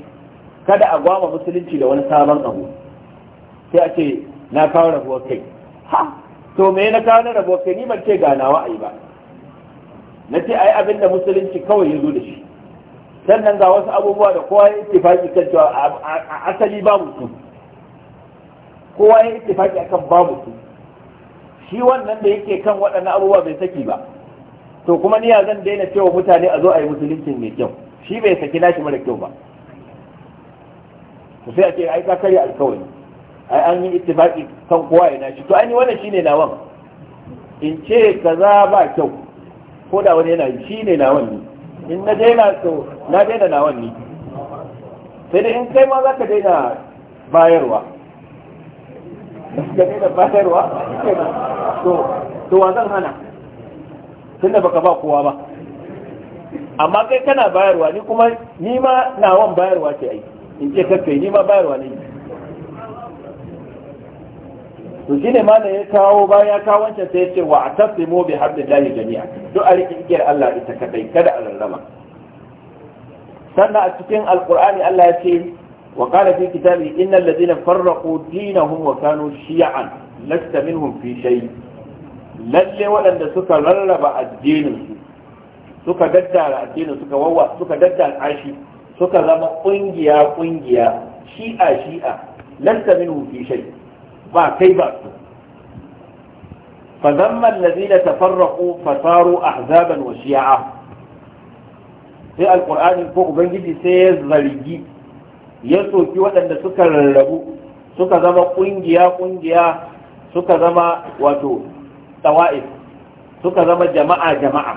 kada a gwama musulunci da wani sabon abu sai a ce na kawo rabuwar kai ha to me na kawo na rabuwar kai ni ban ce ganawa a yi ba na ce a yi abin da musulunci kawai ya zo da shi sannan ga wasu abubuwa da kowa ya ittifaki kan cewa a asali babu su kowa ya ittifaki akan babu su shi wannan da yake kan waɗannan abubuwa bai saki ba to kuma niyya zan daina cewa mutane a zo a yi musuluncin mai kyau shi bai saki nashi mara kyau ba to sai a ce ai ka karya alkawari ai an yi ittifaki kan kowa ya nashi to ai wannan shine nawan in ce kaza ba kyau ko da wani yana yi shine nawan ne in na daina so na daina na ni sai da in kai ma za ka daina bayarwa ka daina bayarwa to wa zan hana da baka ba kowa ba amma kai kana bayarwa ni kuma ni ma nawan bayarwa ce ai in ce kakai ni ma bayarwa ne to shine ma da ya kawo bayan ya kawo wancan sai ya ce wa atasimu bi hablillahi jami'a duk a rike igiyar Allah ita kadai kada a rarraba sannan a cikin alqur'ani Allah ya ce wa qala fi kitabi innal ladina farraqu dinahum wa kanu shi'an lasta minhum fi shay lalle waɗanda suka rarraba addinin su suka daddara addinin suka wawa suka daddara ashi suka zama kungiya kungiya shi'a shi'a lasta minhum fi shay' ba kai ba su فذم الذين تفرقوا فصاروا احزابا وشيعا sai alkur'ani ko ubangiji sai ya zargi ya soki waɗanda suka rarrabu suka zama ƙungiya ƙungiya suka zama wato tsawa'is suka zama jama'a jama'a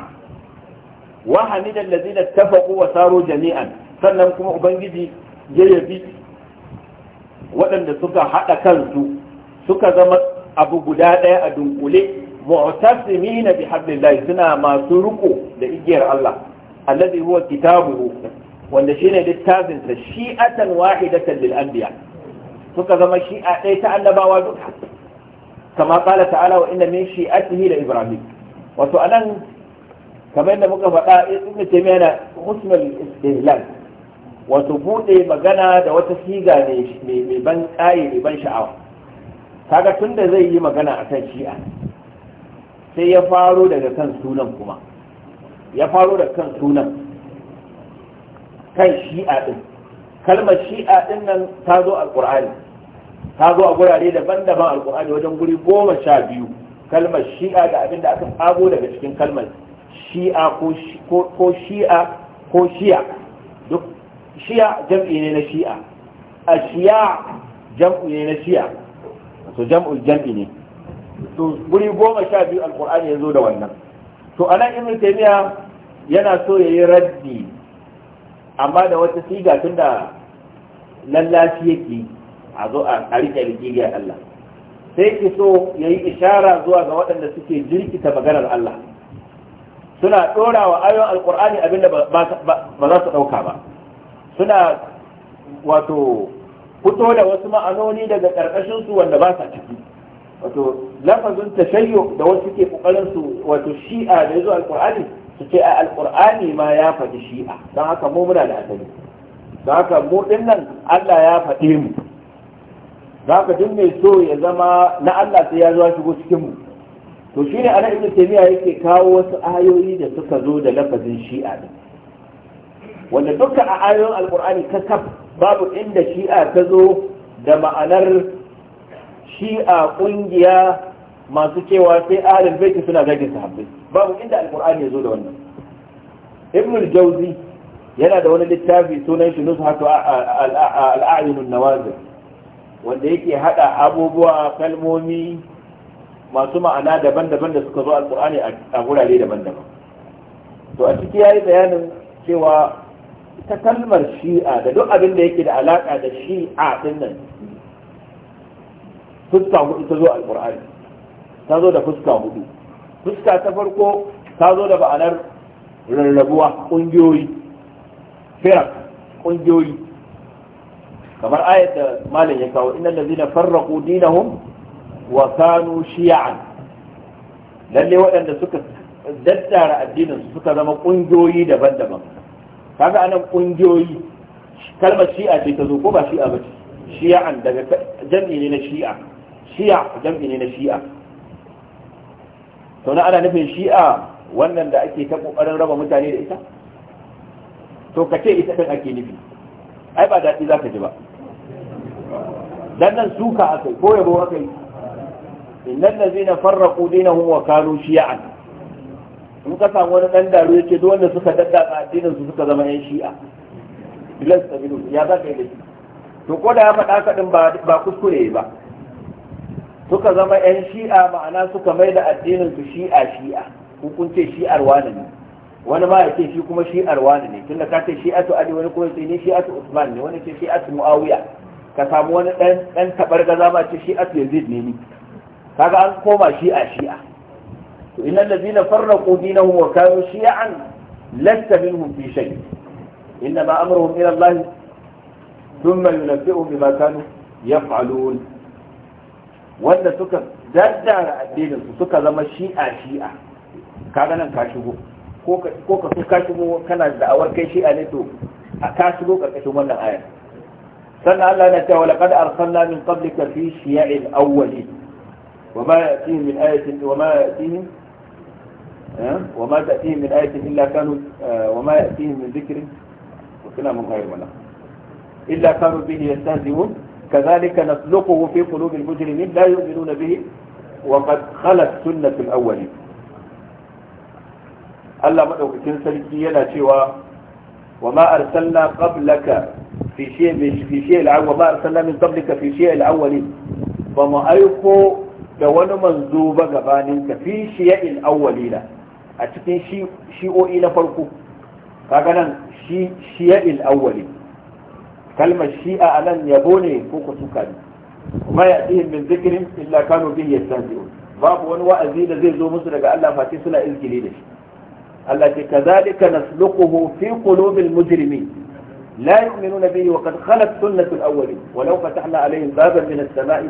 wa hamidan ta tafaqu wa saru jami'an sannan kuma ubangiji ya yabi waɗanda suka haɗa kansu suka zama abu guda ɗaya a dunkule mu'tasimina bi hablillahi suna masu riko da igiyar Allah alladhi huwa kitabuhu wanda shine littafin sa shi'atan wahidatan lil anbiya suka zama shi'a ɗaya ta annabawa duka kama qala ta'ala wa inna min shi'atihi la ibrahim wato anan kamar yadda muka faɗa ibnu taymiya yana husnul istihlal wato bude magana da wata siga ne mai ban ƙaye mai ban sha'awa kaga tunda zai yi magana akan shi'a sai ya faro daga kan sunan kuma ya faro da kan sunan kan shi'a din kalmar shi'a din nan ta zo a ƙur'ani ta zo a gurare daban-daban alƙur'ani wajen guri goma sha biyu kalmar shi'a da abin da aka tsago daga cikin kalmar shi'a ko shi'a ko shi'a duk shi'a jam'i ne na shi'a a shi'a jam'i ne na shi'a to jam'ul jam'i ne to guri goma sha biyu alqur'ani ya zo da wannan to anan ibnu taymiya yana so yayi raddi amma da wata siga tunda lallaci yake a zo a rike rigiyar Allah sai ki so yayi ishara zuwa ga waɗanda suke jirkita maganar Allah suna ɗora wa ayoyin alkur'ani abinda ba za su ɗauka ba suna wato fito da wasu ma'anoni daga ƙarƙashin su wanda ba sa ciki wato lafazin tashayyo da wasu ke kokarin su wato shi'a da yazo alqur'ani su ce a alqur'ani ma ya faɗi shi'a don haka mu muna da asali don haka mu dinnan Allah ya faɗi mu don haka duk mai so ya zama na Allah sai ya zuwa shigo cikin mu to shi ne ana ibn taymiya yake kawo wasu ayoyi da suka zo da lafazin shi'a wanda duka a ayoyin alqur'ani ka kafa babu inda shi'a ta zo da ma'anar shi'a kungiya masu cewa sai alin baiti suna zagin sahabbai babu inda alkur'ani ya zo da wannan ibnul jauzi yana da wani littafi sunan shi nusu hatu ayunun nawazir wanda yake hada abubuwa kalmomi masu ma'ana daban-daban da suka zo alkur'ani a wurare daban-daban to a ciki ya yi bayanin cewa ta kalmar shi'a da duk abin da yake da alaƙa da shi'a din nan fuska hudu ta zo alkur'ani ta zo da fuska hudu fuska ta farko ta zo da ba'anar rarrabuwa ƙungiyoyi firak ƙungiyoyi kamar ayat da malin ya kawo inna lazina farraqu dinahum wa kanu shi'an lalle waɗanda suka daddara addinin suka zama ƙungiyoyi daban-daban kaga anan kungiyoyi kalmar shi'a ce ta zo ko ba shi'a ba ce shi'an daga jam'i ne na shi'a shi'a jam'i ne na shi'a to na ana nufin shi'a wannan da ake ta kokarin raba mutane da ita to ka ce ita din ake nufi ai ba daɗi za ka ji ba dan nan suka akai ko yabo akai innal ladzina farraqu dinahum wa kanu shi'an in ka samu wani ɗan daru ya ce wanda suka daddaka addinin su suka zama yan shi'a bilan sabilu ya za ka yi da shi to ko da ya faɗa ka ɗin ba kuskure ba suka zama yan shi'a ma'ana suka mai da addinin su shi'a shi'a hukunce shi'ar wani ne wani ma ya ce shi kuma shi'ar wani ne tunda ka ce shi'atu ali wani kuma ce ni shi'atu usman ne wani ce shi'atu muawiya ka samu wani ɗan tabar gaza ma ce shi'atu yazid ne ni kaga an koma shi'a shi'a to innal ladina farraqu dinahum wa kanu shi'an lasta minhum fi shay inna ma amruhum ila Allah thumma yunabbi'uhum bima kanu yaf'alun wanda suka daddara addinin su suka zama shi'a shi'a kaga nan ka shigo ko ka so ka shigo kana da awar kai shi'a ne to a ka shigo karkashin wannan aya. sannan Allah na cewa laqad arsalna min qablika fi shiya'il awwali wa ma yatihim min ayatin wa ma yatihim وما تأتيهم من آية إلا كانوا وما يأتيهم من ذكر وكلا من غير منا إلا كانوا به يستهزئون كذلك نسلقه في قلوب المجرمين لا يؤمنون به وقد خلت سنة الأولين ألا مدوكتين سلسينا شوى وما أرسلنا قبلك في شيء في شيء الأول وما أرسلنا من قبلك في شيء الأولين فما أيقوا da wani manzo ba gabaninka fi shiya'il awwalina a cikin shi'o'i na farko kaga nan shi shiya'il awwali kalmar shi'a a nan yabo ne ko ku suka ne kuma ya tsihin min zikirin illa kano bihi yastanzi'un babu wani wa'azi da zai zo musu daga Allah fati suna izgili da shi Allah ce kazalika nasluquhu fi la qulubil mujrimin لا يؤمنون به وقد خلت سنة الأولين ولو فتحنا عليهم بابا من السماء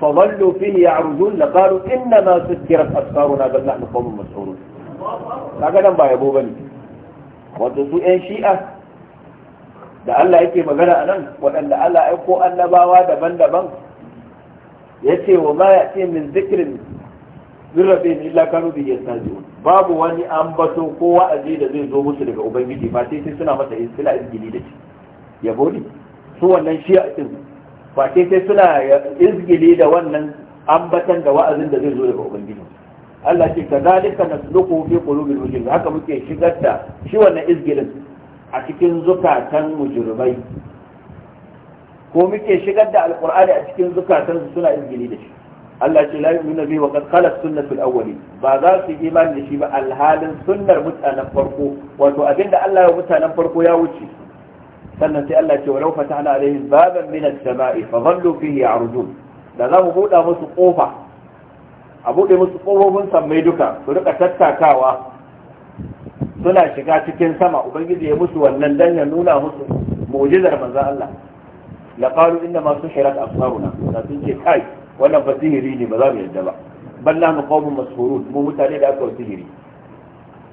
فظلوا فيه يعرجون لقالوا إنما سكرت أبصارنا بل نحن قوم مسحورون kaga nan ba yabo ba ne. wato su yan shi'a da Allah yake magana a nan waɗanda Allah aiko annabawa daban-daban ya ce wa ma ya ce min zikirin ne illa kanu bi yastajiun babu wani ambato ko wa'azi da zai zo musu daga ubangiji ba sai sai suna masa istila izgili da shi yabo ne su wannan shi a din ba sai sai suna izgili da wannan ambatan da wa'azin da zai zo daga ubangiji Allah ce ka na nasluku fi qulubil mujrim haka muke shigar da shi wannan izgilin a cikin zukatan mujrimai ko muke shigar da alqur'ani a cikin zukatan su suna izgili da shi Allah ce la yu'minu bihi wa qad khalat sunnatul awwalin ba za su yi imani da shi ba alhalin sunnar mutanen farko wato abinda Allah ya mutanen farko ya wuce sannan sai Allah ce wa walau fatahna alaihim baban min as-sama'i fa dhallu fihi ya'rujun da za mu buɗa musu kofa a buɗe musu ƙofofin sammai duka su rika tattakawa suna shiga cikin sama ubangiji ya musu wannan dan ya nuna musu mu'jizar manzon Allah la qalu inna ma suhirat absaruna da sun ce kai wannan ba sihiri ne ba za mu yadda ba balla mu qawmun mashhurun mu mutane da aka sihiri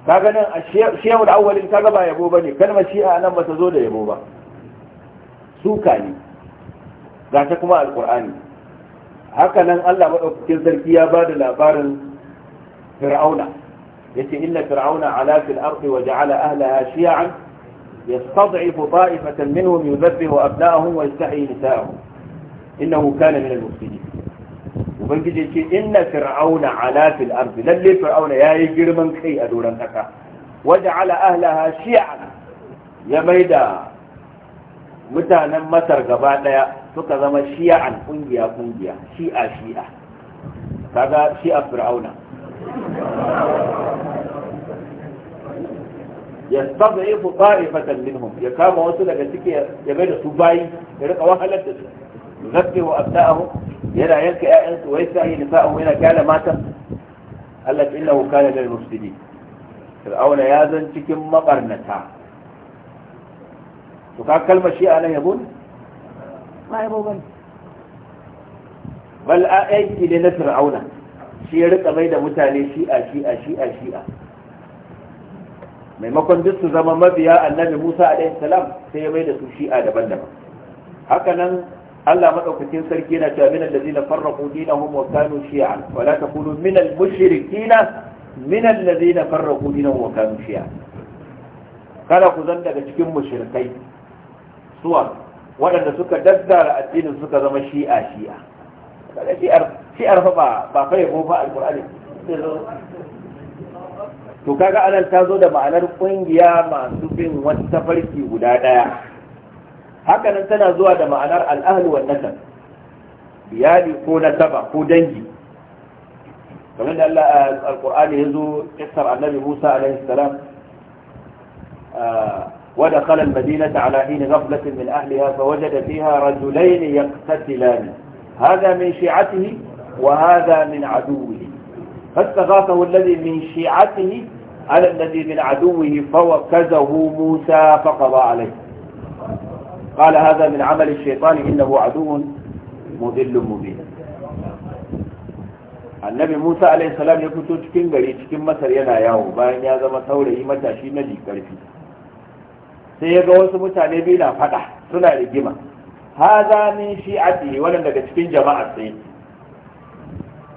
kaga nan a shiyahu da awwalin kaga ba yabo bane kalmar shi'a nan ba ta zo da yabo ba suka ne ga ta kuma alqur'ani haka nan Allah madaukakin sarki ya ba da labarin fir'auna ya yace inna fir'auna ala fil ardi wa ja'ala ahlaha shi'an yastad'ifu ta'ifatan minhum yudabbihu abna'ahum wa yastahyi nisa'ahum innahu kana min al-mufsidin ubangiji ce inna fir'auna ala fil ardi lalle fir'auna yayi girman kai a doran kasa waja'ala ahlaha shi'an ya maida mutanen masar gaba daya suka zama shi'an kungiya kungiya shi'a shi'a kaga shi'a fir'auna ya tabi'ifu ta'ifatan minhum ya kama wasu daga ciki ya bai da su bayi ya rika wahalar da su zabbi wa abda'ahu yana yanka ƴaƴansu wai sai nisa'u yana kyala matan. Allah innahu kana lil mufsidin fir'auna ya zan cikin mabarnata to ka kalmar shi'a na yabo ne ba ne bal a aiki ne na fir'auna shi ya rika mai da mutane shi'a shi'a shi'a shi'a maimakon duk su zama mabiya annabi Musa alaihi salam sai ya mai da su shi'a daban-daban haka nan Allah madaukakin sarki yana cewa min allazina farraqu dinahum wa kanu shi'a wa la takunu min al-mushrikeen min allazina farraqu dinahum wa kanu shi'a kada ku zan daga cikin mushrikai suwa waɗanda suka daddara addinin suka zama shi'a shi'a kaga shi'ar fa ba fa yabo fa alqur'ani to kaga anan ta zo da ma'anar ƙungiya masu bin wata tafarki guda ɗaya. haka nan tana zuwa da ma'anar al'ahlu wan nasab biyadi ko nasaba ko dangi kamar da Allah alqur'ani yazo kissar annabi Musa alaihi salam ah, ودخل المدينة على حين غفلة من أهلها فوجد فيها رجلين يقتتلان هذا من شيعته وهذا من عدوه فاستغاثه الذي من شيعته على الذي من عدوه فوكزه موسى فقضى عليه قال هذا من عمل الشيطان إنه عدو مذل مبين النبي موسى عليه السلام يقول تشكين gari تشكين مسر ينا yawo باين يا zama saurayi matashi na karfi sai ya ga wasu mutane biyu na faɗa suna rigima haza min shi'ati wannan daga cikin jama'a sai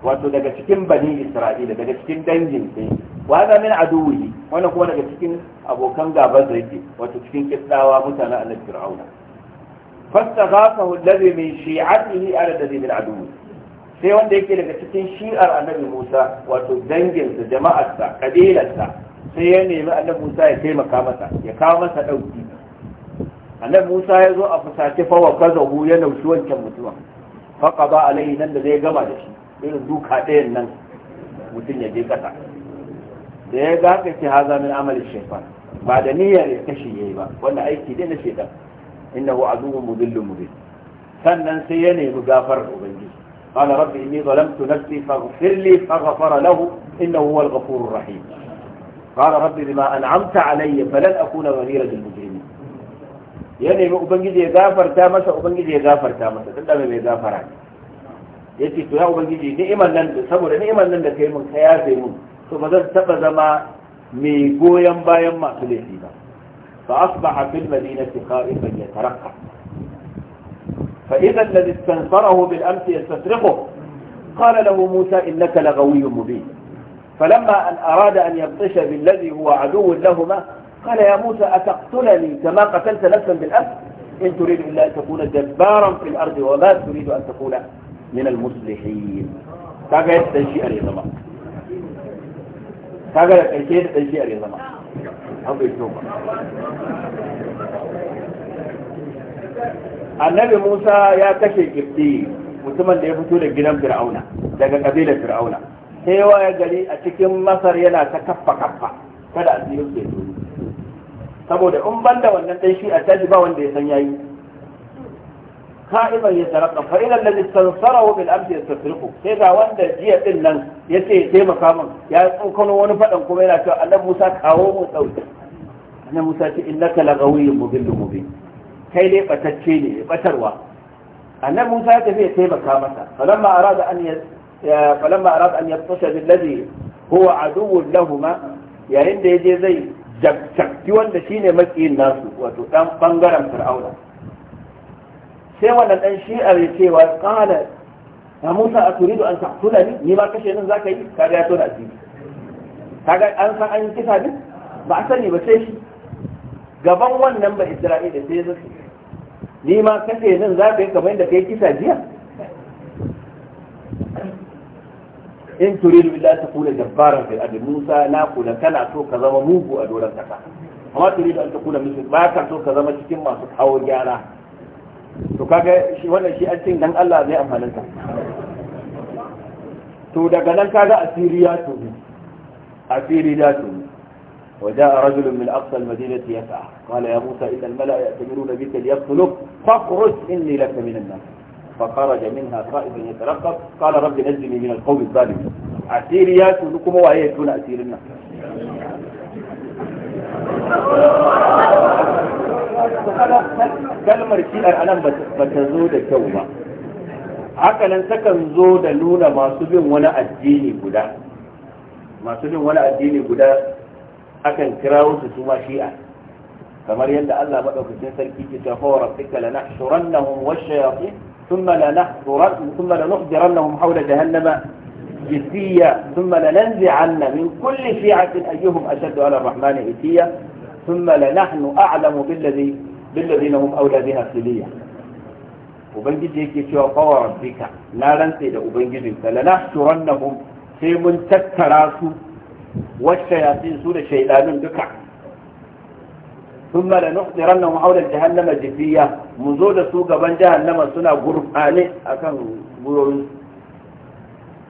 wato daga cikin bani isra'ila daga cikin dangin sai wannan min aduwi wannan kuma daga cikin abokan gaban zai yake wato cikin kiddawa mutanen annabi fir'auna fastaghafahu alladhi min shi'atihi ala alladhi min aduwi sai wanda yake daga cikin shi'ar annabi Musa wato dangin sa jama'ar sa sai ya nemi annabi Musa ya taimaka masa ya kawo masa dauki annabi Musa ya zo a fusace fa wa kazahu ya naushi wancan mutuwa fa qada alaihi nan da zai gama da shi irin duka ɗayan nan mutum ya je kasa da ya ga ka ce haza min amalin shaytan ba da niyyar ya kashe yayi ba wannan aiki dai na shaytan innahu azumun mudillun mubin sannan sai ya nemi gafarar ubangiji قال رب إني ظلمت نفسي فاغفر لي فغفر له إنه هو الغفور الرحيم قال رب بما أنعمت علي فلن أكون غنيرا للمجرمين ya nemi ubangiji ya gafarta masa ubangiji ya gafarta masa tunda mai gafara ne yace to ya ubangiji ni'imar nan da saboda ni'imar nan da kai mun kai ya sai mun to ba zan taba zama mai goyon bayan masu laifi ba fa asbaha fil madinati khaifan yataraqqa fa idha alladhi istanfarahu bil amsi yastasriqu qala lahu musa innaka laghawiyyun mubin فلما أن أراد أن يبطش بالذي هو عدو لهما قال يا موسى أتقتلني كما قتلت نفسا بالأمس إن تريد إلا أن تكون جبارا في الأرض وما تريد أن تكون من المصلحين كاغا يتنشي أري زمان كاغا يتنشي أري زمان أبو يتوبة annabi musa ya kashe kifti mutumin da ya fito da gidan fir'auna sai ya gari a cikin masar yana ta kaffa kaffa kada asirin su saboda in banda wannan dan shi a tashi ba wanda ya san yayi ka'iban ya sarrafa, fa ila alladhi wa bil amsi yastasrifu sai ga wanda jiya din nan yace ya taimaka min ya tsokano wani fadan kuma yana cewa annabi Musa kawo mu sauki annabi Musa ce innaka lagawiyyun mubillun mubin kai dai batacce ne batarwa annabi Musa ya tafi ya taimaka masa falamma arada an فلما أراد أن يبطش بالذي هو عدو لهما يعني ده يجي زي shakki wanda shi ne nasu wato ɗan ɓangaren fir'auna sai wannan ɗan shi'ar ya ce wa ƙala ya musa a turidu an taktula ni ni kashe nan zaka yi kaga ya tona asiri kaga an san an yi kisa din ba a sani ba sai shi gaban wannan ba isra'ila sai zai ni ma kashe nan zaka yi kamar yadda kai kisa jiya in turidu illa ta kula jabbaran fil ardi musa na kula kana so ka zama mugu a doron kasa amma turidu an ta kula musu ba ka so ka zama cikin masu kawo gyara to kaga wannan shi an cin dan Allah zai amfanin ka to daga nan kaga asiri ya to asiri ya to وجاء رجل من أقصى المدينة يسعى قال يا موسى إن الملأ يأتمرون بك ليقتلوك فاخرج إني لك من الناس فخرج منها خائفا يترقب قال رب نجني من القوم الظالمين عسيري يا كلكم وهي يكون اسيرنا kalmar shi'ar anan ba ta zo da kyau ba hakanan takan zo da nuna masu bin wani addini guda masu bin wani addini guda akan kirawo su su ma shi'a kamar yadda Allah madaukakin sarki ke tafawa rabbika lanahshurannahum wash-shayatin ثم لا ثم لا نحضرنهم حول جهنم جثية ثم لا ننزعن من كل شيعة أيهم أشد على الرحمن إثية ثم لا نحن أعلم بالذي بالذين هم أولى بها سلية وبنجي كي شو قوى ربك لا ننسي ده وبنجي فلا نحشرنهم في من تكراسو والشياطين سورة شيطان دكا ثم لنحضرنهم حول جهنم جثيا مزود سوق بن جهنم سنا غرفاني اكن غورون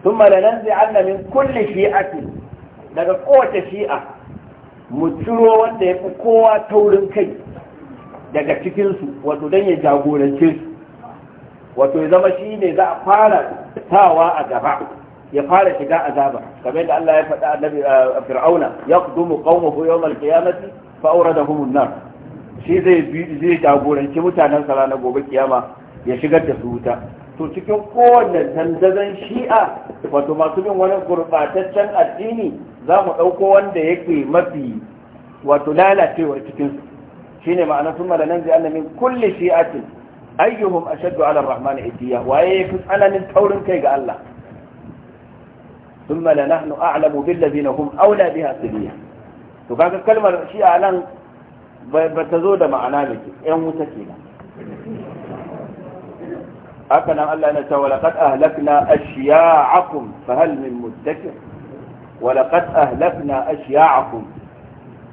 ثم لننزعن من كل شيعة daga kowace shi'a mu ciro wanda ya fi kowa taurin kai daga cikinsu wato don ya jagorance su wato ya zama shi ne za fara tawa a gaba ya fara shiga azaba kamar da Allah ya faɗa a fir'auna ya kudu mu kawo mafi yawon alkiyamati fa'aura da humun nan shi zai jagoranci mutanen sara na gobe kiyama ya shigar da su wuta to cikin kowanne dandazon shi'a wato masu bin wani gurbataccen addini za mu ɗauko wanda yake mafi wato lalacewar cikinsu shi ne ma'ana sun mala nan zai min kulle shi'atin ayyuhum ashaddu ala rahman itiya waye fi tsananin taurin kai ga Allah ثم لنحن أعلم بالذين auna أولى بها سبيلا to kaga kalmar shi a nan ba ta zo da ma'ana da ke yan wuta ke nan haka nan Allah na cewa laqad ahlakna ashya'akum fa hal min muddakir wa laqad ahlakna ashya'akum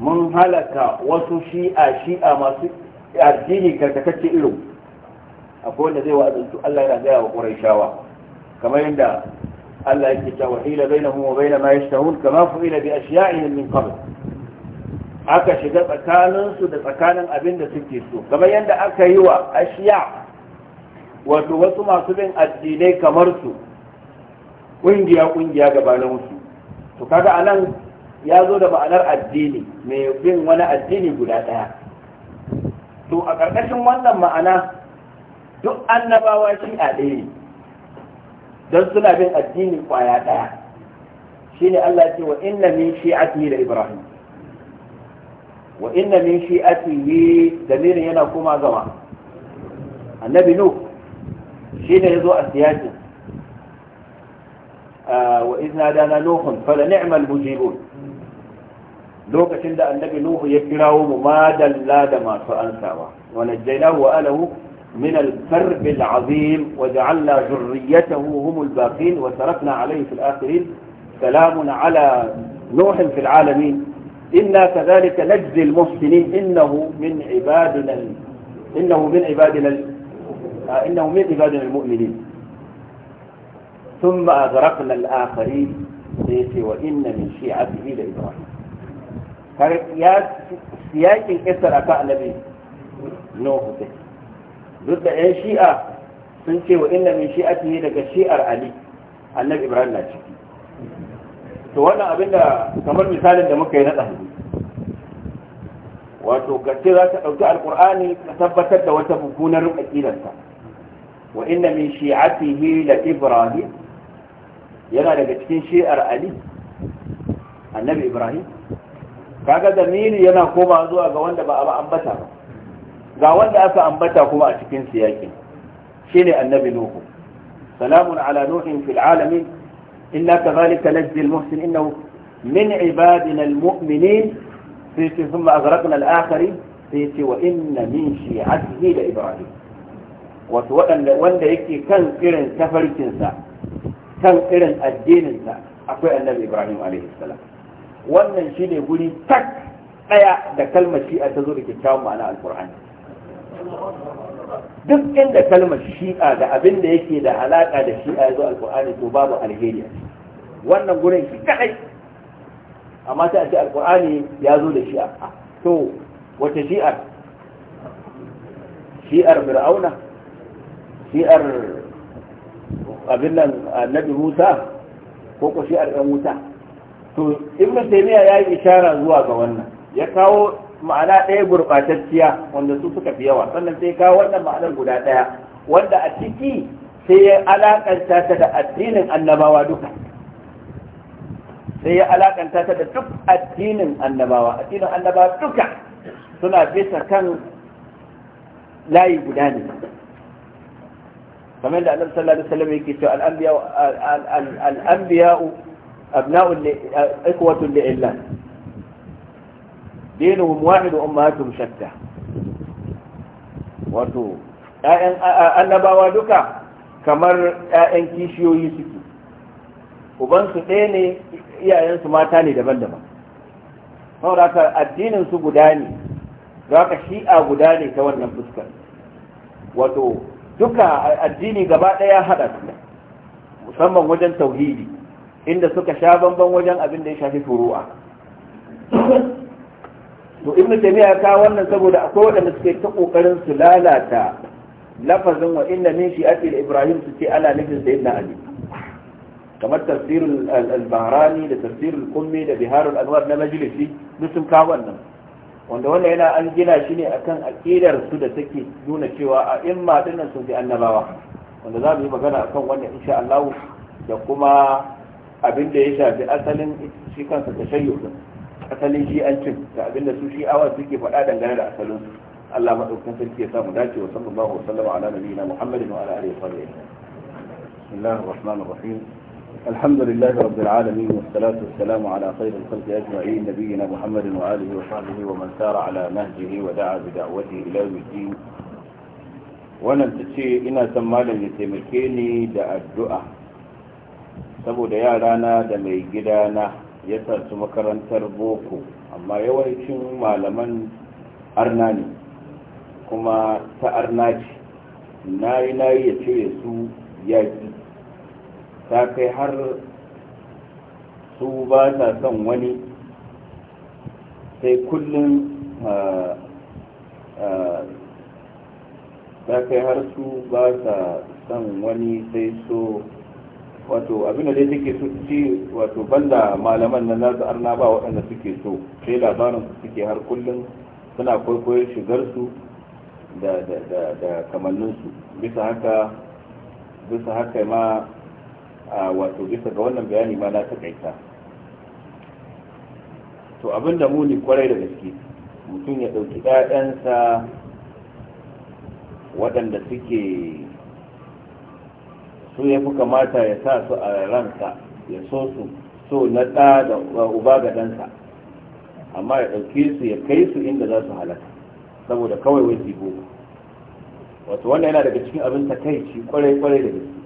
mun halaka wasu shi'a shi'a masu addini karkatacce irin akwai wanda zai wa'azantu Allah yana gaya wa Qurayshawa kamar yadda Allah yake cewa hila bainahum wa bain ma yashtahun kama fu'ila bi ashya'ihim min qabl aka shiga tsakaninsu da tsakanin abin da suke so kamar yadda aka yi wa ashiya wato wasu masu bin addinai kamar su ƙungiya ƙungiya gabanin su to kaga anan ya zo da ma'anar addini mai bin wani addini guda ɗaya to a ƙarƙashin wannan ma'ana duk annabawa shi a ɗaya don suna bin addini ƙwaya ɗaya shine Allah ce wa inna min shi'ati da Ibrahim وإن من شئته دمير هنا كما زمع النبي نوح شين يزوء السياسة وإذ نادانا نوح فلنعم المجيبون لوك شند النبي نوح يكراه مماد لا دما فأنساوا ونجيناه وآله من الكرب العظيم وجعلنا ذريته هم الباقين وتركنا عليه في الآخرين سلام على نوح في العالمين إنا كذلك نجزي المحسنين إنه من عبادنا إنه من عبادنا آه، إنه من عبادنا المؤمنين ثم أغرقنا الآخرين وإن من شيعته لإبراهيم سياك الكسر أكاء نبي نوه به ضد أي شيئة سنشي وإن من شيئته لك شيئة علي النبي إبراهيم لا شكي to wannan abin da kamar misalin da muka yi na ɗalibi wato gaske za ta ɗauki alkur'ani ka tabbatar da wata mummunar aƙidarsa wa inna min shi'atihi la ibrahim yana daga cikin shi'ar ali annabi ibrahim kaga zamiri yana koma zuwa ga wanda ba a ambata ba ga wanda aka ambata kuma a cikin siyakin shine annabi nuhu salamun ala nuhin fil alamin إنا كذلك نجزي المحسن إنه من عبادنا المؤمنين سيتي ثم أغرقنا الآخرين سيتي وإن من شيعته لإبراهيم وأن يكي كان إرن كفركنسا كان إرن الدينسا أقوى النبي إبراهيم عليه السلام wannan shi ne guri tak ɗaya da kalmar shi'a ta zo da kyakkyawan ma'ana alkur'ani duk inda kalmar shi'a da abin da yake da alaka da shi'a ya zo alkur'ani to babu alheri wannan gurin shi kadai amma sai a ce alkur'ani ya zo da shi'a to wata shi'ar shi'ar fir'auna shi'ar abin nan annabi musa ko ko shi'ar ɗan wuta to ibn taymiya ya yi ishara zuwa ga wannan ya kawo ma'ana ɗaya gurɓatacciya wanda su suka fi yawa sannan sai kawo wannan ma'anar guda ɗaya wanda a ciki sai ya alakanta ta da addinin annabawa duka sai ya alakanta ta da duk addinin annabawa addinin annabawa duka suna bisa kan layi guda ne kamar da annabi sallallahu alaihi wasallam yake cewa al-anbiya al-anbiya abna'u ikwatu li'illah dinuhum wahid wa ummahatuhum shatta wato ƴaƴan annabawa duka kamar ƴaƴan kishiyoyi suke ubansu ɗaya ne iyayensu mata ne daban-daban saboda haka addinin su guda ne za ka shi'a guda ne ta wannan fuskar wato duka addini gaba ɗaya haɗa su musamman wajen tauhidi inda suka sha bamban wajen abin da ya shafi furu'a to ibnu taymiya ka wannan saboda akwai wadanda suke ta kokarin su lalata lafazin wa inna min shi'ati ibrahim su ce ana nufin sayyidina ali kamar tafsirul al-bahrani da tafsirul kummi da biharul anwar na majlisi duk sun kawo wannan wanda wannan yana an gina shi ne akan aqidar su da take nuna cewa a imma dinnan sun fi annabawa wanda za mu yi magana akan wannan insha Allah da kuma abin da ya shafi asalin shi kansa tashayyu din asalin shi an cin da abinda su shi awa suke faɗa dangane da asalin Allah maɗaukakin sarki ya samu dace wa sallallahu wa sallama ala nabiyina Muhammadin wa ala alihi wa sahbihi bismillahir rahmanir rahim wa salatu الحمد لله رب العالمين والصلاة والسلام على Muhammadin wa alihi wa sahbihi wa man sara ala nahjihi wa da'a bi إلى ila yawmiddin. wannan ta ce ina son malam ya taimake ni da addu'a saboda yarana da mai gidana ya tafi makarantar boko amma yawancin malaman arna ne kuma ta arna ce na yi na yi ya cire su yaƙi ta kai har su ba ta son wani sai kullum ta kai har su ba ta son wani sai so wato abinda dai take so ci wato banda malaman nan nasu arna ba waɗanda suke so sai labarin su suke har kullum suna kwaikwayon shigarsu da da da da su bisa haka bisa haka ma a wato bisa ga wannan bayani ma na takaita to abinda muni kwarai da gaske mutum ya ɗauki ɗayansa waɗanda suke su ya fi kamata ya sa su a ransa ya so su so na ɗa da uba ga ɗansa amma ya ɗauke su ya kai su inda za su halaka saboda kawai wai su wato wannan yana daga cikin abin takaici kwarai kwarai da gaske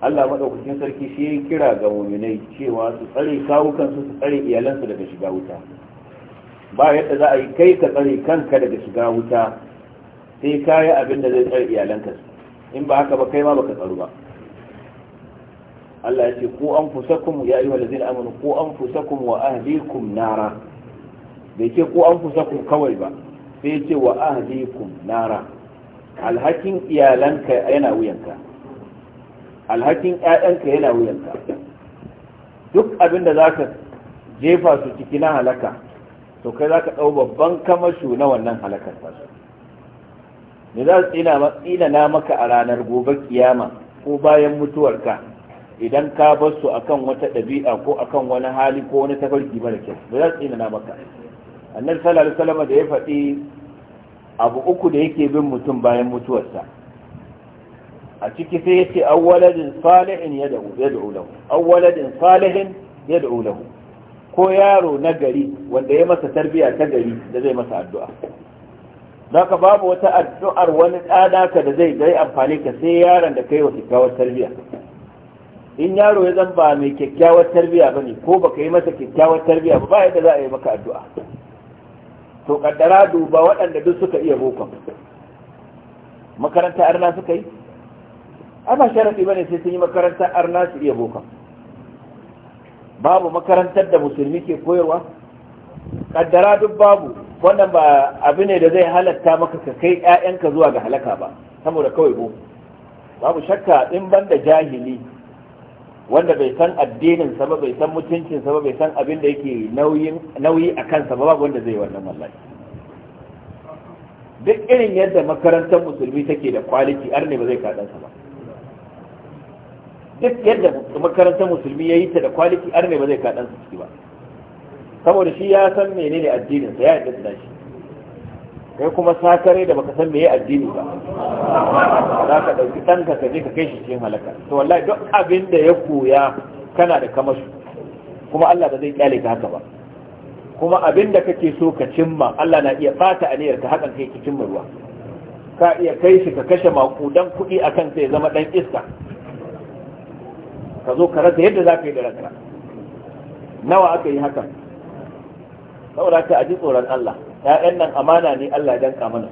Allah maɗaukakin sarki shi ya kira ga muminai cewa su tsare kawukansu su tsare iyalansu daga shiga wuta ba yadda za a yi kai ka tsare kanka daga shiga wuta sai ka yi abin da zai tsare iyalanka su in ba haka ba kai ma baka tsaru ba Allah ya ce ku anfusakum ya ayyuhal ladzina amanu ku anfusakum wa ahlikum nara bai ce ku anfusakum kawai ba sai ya ce wa ahlikum nara alhakin iyalanka yana wuyanka alhakin ƴaƴanka yana wuyanka duk abin da zaka jefa su ciki na halaka to kai zaka dau babban kamashu na wannan halakar su? da za su tsinana maka a ranar gobe kiyama ko bayan mutuwarka idan ka bar su akan wata ɗabi'a ko akan wani hali ko wani tafarki mara kyau da za su tsinana maka annabi sallallahu alaihi wasallam da ya faɗi abu uku da yake bin mutum bayan mutuwarsa a ciki sai yace awwaladin salihin yad'u yad'u lahu awwaladin salihin yad'u lahu ko yaro na gari wanda ya masa tarbiya ta gari da zai masa addu'a Zaka babu wata addu'ar wani ɗana ka da zai gai amfani ka sai yaron da kai wa kyakkyawar tarbiyya in yaro ya zan ba mai kyakkyawar tarbiyya bane ko baka yi masa kyakkyawar tarbiyya ba ba yadda za a yi maka addu'a to kaddara duba waɗanda duk suka iya boko makaranta arna suka yi ba sharaɗi bane sai sun yi makarantar arna su iya boko babu makarantar da musulmi ke koyarwa kaddara duk babu wannan ba abu ne da zai halatta maka ka kai ƴaƴanka zuwa ga halaka ba saboda kawai boko babu shakka in banda jahili wanda bai san addinin sa ba bai san mutuncin sa ba bai san abin da yake nauyi a kansa ba babu wanda zai wannan wallahi duk irin yadda makarantar musulmi take da kwaliti ar ne ba zai kaɗan sa ba duk yadda makarantar musulmi ya yi ta da kwaliti ar ne ba zai kaɗan sa ciki ba saboda shi ya san menene addinin sa ya yi da shi kai kuma sakare da baka san meye addini ba za ka dauki ɗanka ka je ka kai shi cikin halaka to wallahi duk abin da ya koya kana da kamashu kuma Allah ba zai kyale ka haka ba kuma abin da kake so ka cimma Allah na iya bata aniyar ka hakan kai ki cimma ruwa ka iya kai shi ka kashe makudan kuɗi akan sai ya zama ɗan iska ka zo ka rasa yadda za ka yi da rasa nawa aka yi hakan saboda ka ji tsoron Allah ɗan nan amana ne Allah ya danka mana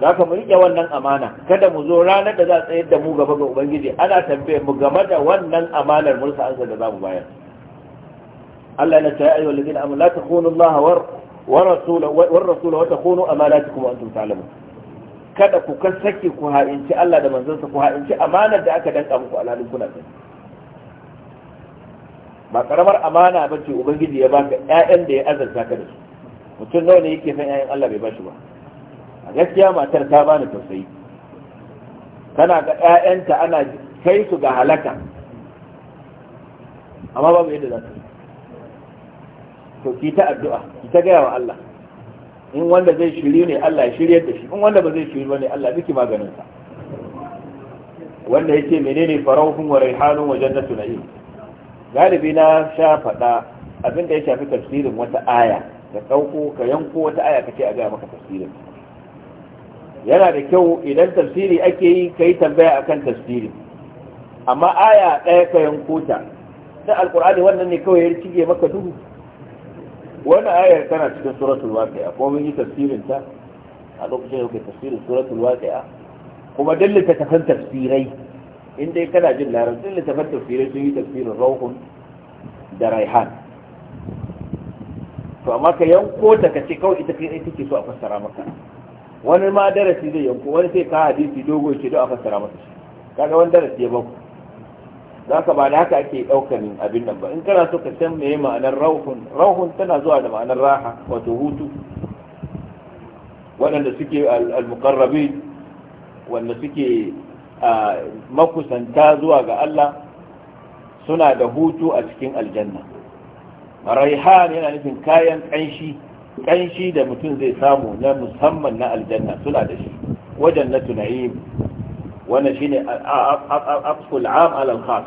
za ka mu riƙe wannan amana kada mu zo ranar da za a tsayar da mu gaba ga ubangiji ana tambaye mu game da wannan amanar mulka ansa da za mu bayar Allah na tayi ayyuhal ladina amanu la takhunu Allah wa rasulahu wa rasulahu wa takhunu amanatukum wa antum ta'lamun kada ku kasake ku ha'inci Allah da manzansa ku ha'inci amanar da aka danka muku alhalin kuna sani ba karamar amana ba ce ubangiji ya baka ƴaƴan da ya azarta ka da su mutum nawa ne yake san ƴaƴan Allah bai bashi ba a gaskiya matar ta bani tausayi tana ga ƴaƴanta ana kai su ga halaka amma babu yadda za ta yi to ki ta addu'a ki ta gaya wa Allah in wanda zai shiri ne Allah ya shiryar da shi in wanda ba zai shiri ba ne Allah miki maganin sa wanda yake menene farauhun wa raihanun wa jannatu na'im galibi na sha faɗa abinda ya shafi tafsirin wata aya ka ɗauko ka yanko wata aya ka ce a gaya maka tafsirin yana da kyau idan tafsiri ake yi ka yi tambaya akan tafsiri amma aya ɗaya ka yanko ta ta alkur'ani wannan ne kawai ya cige maka duhu wannan ayar tana cikin suratul waqi'a ko mun yi tafsirin ta a lokacin da kuke tafsirin suratul waqi'a kuma dallata tafsirai in dai kana jin ta littafin tafsirai sun yi tafsirin rauhun da raihan to amma ka yanko ta ka kawai ita kai take so a fassara maka wani ma darasi zai yanko wani sai ka hadisi dogo ce don a fassara maka shi kaga wani darasi ya baku za ka ba da haka ake daukar abin nan ba in kana so ka san meye ma'anar rauhun rauhun tana zuwa da ma'anar raha wato hutu waɗanda suke al-muqarrabin wanda suke makusanta zuwa ga Allah suna da hutu a cikin aljanna raihan yana nufin kayan kanshi. Kanshi da mutum zai samu na musamman na aljanna suna da shi wajen na tunayim wannan shine afkul am ala khas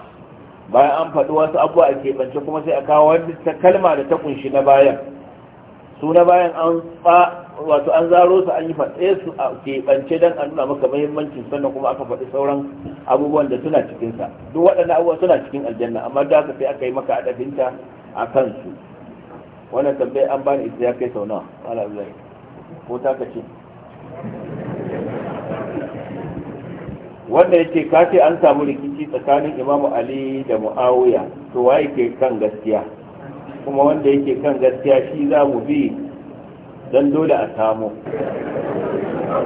bayan an faɗi wasu abubuwa a keɓance kuma sai a kawo wani kalma da ta kunshi na bayan su na bayan an wato an zaro su an yi faɗe su a keɓance don a nuna maka mahimmancin sannan kuma aka faɗi sauran abubuwan da suna cikinsa duk waɗannan abubuwan suna cikin aljanna amma da aka sai aka yi maka adafinta a kansu wannan tambayi an bani ita ya kai sau nawa ala abdullahi ko ta ka ce wanda yake ka ce an samu rikici tsakanin imamu ali da mu'awiya to waye ke kan gaskiya kuma wanda yake kan gaskiya shi za mu bi don dole a samu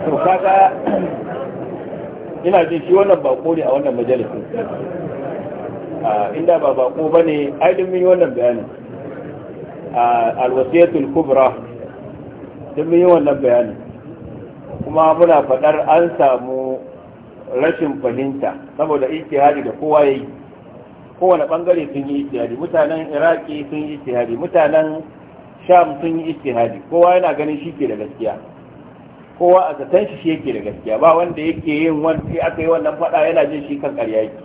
to kaga ina jin shi wannan bako ne a wannan majalisun inda ba bako ba ne ainihin mun yi wannan bayani alwasiyatul kubra duk mun yi wannan bayani kuma muna faɗar an samu rashin fahimta saboda hari da kowa ya yi. kowane bangare sun yi ijtihadi mutanen iraki sun yi ijtihadi mutanen sham sun yi ijtihadi kowa yana ganin shi ke da gaskiya kowa a zaton shi shi yake da gaskiya ba wanda yake yin wani aka yi wannan fada yana jin shi kan ƙarya yake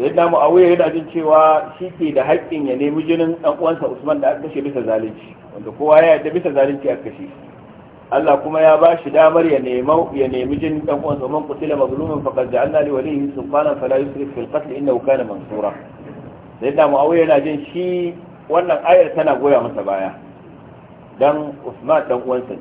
sai a wuya yana jin cewa shi ke da haƙƙin ya nemi jinin ɗan uwansa usman da aka kashe bisa zalunci wanda kowa ya yarda bisa zalunci aka kashe Allah kuma ya ba shi damar ya nemi ya nemi jinin ɗan uwansa man qutila mazlumin faqad ja'alna li waliyhi sultanan fala yusrif fil qatl innahu kana mansura sai da mu'awiya yana jin shi wannan ayar tana goya masa baya dan Usman dan uwansa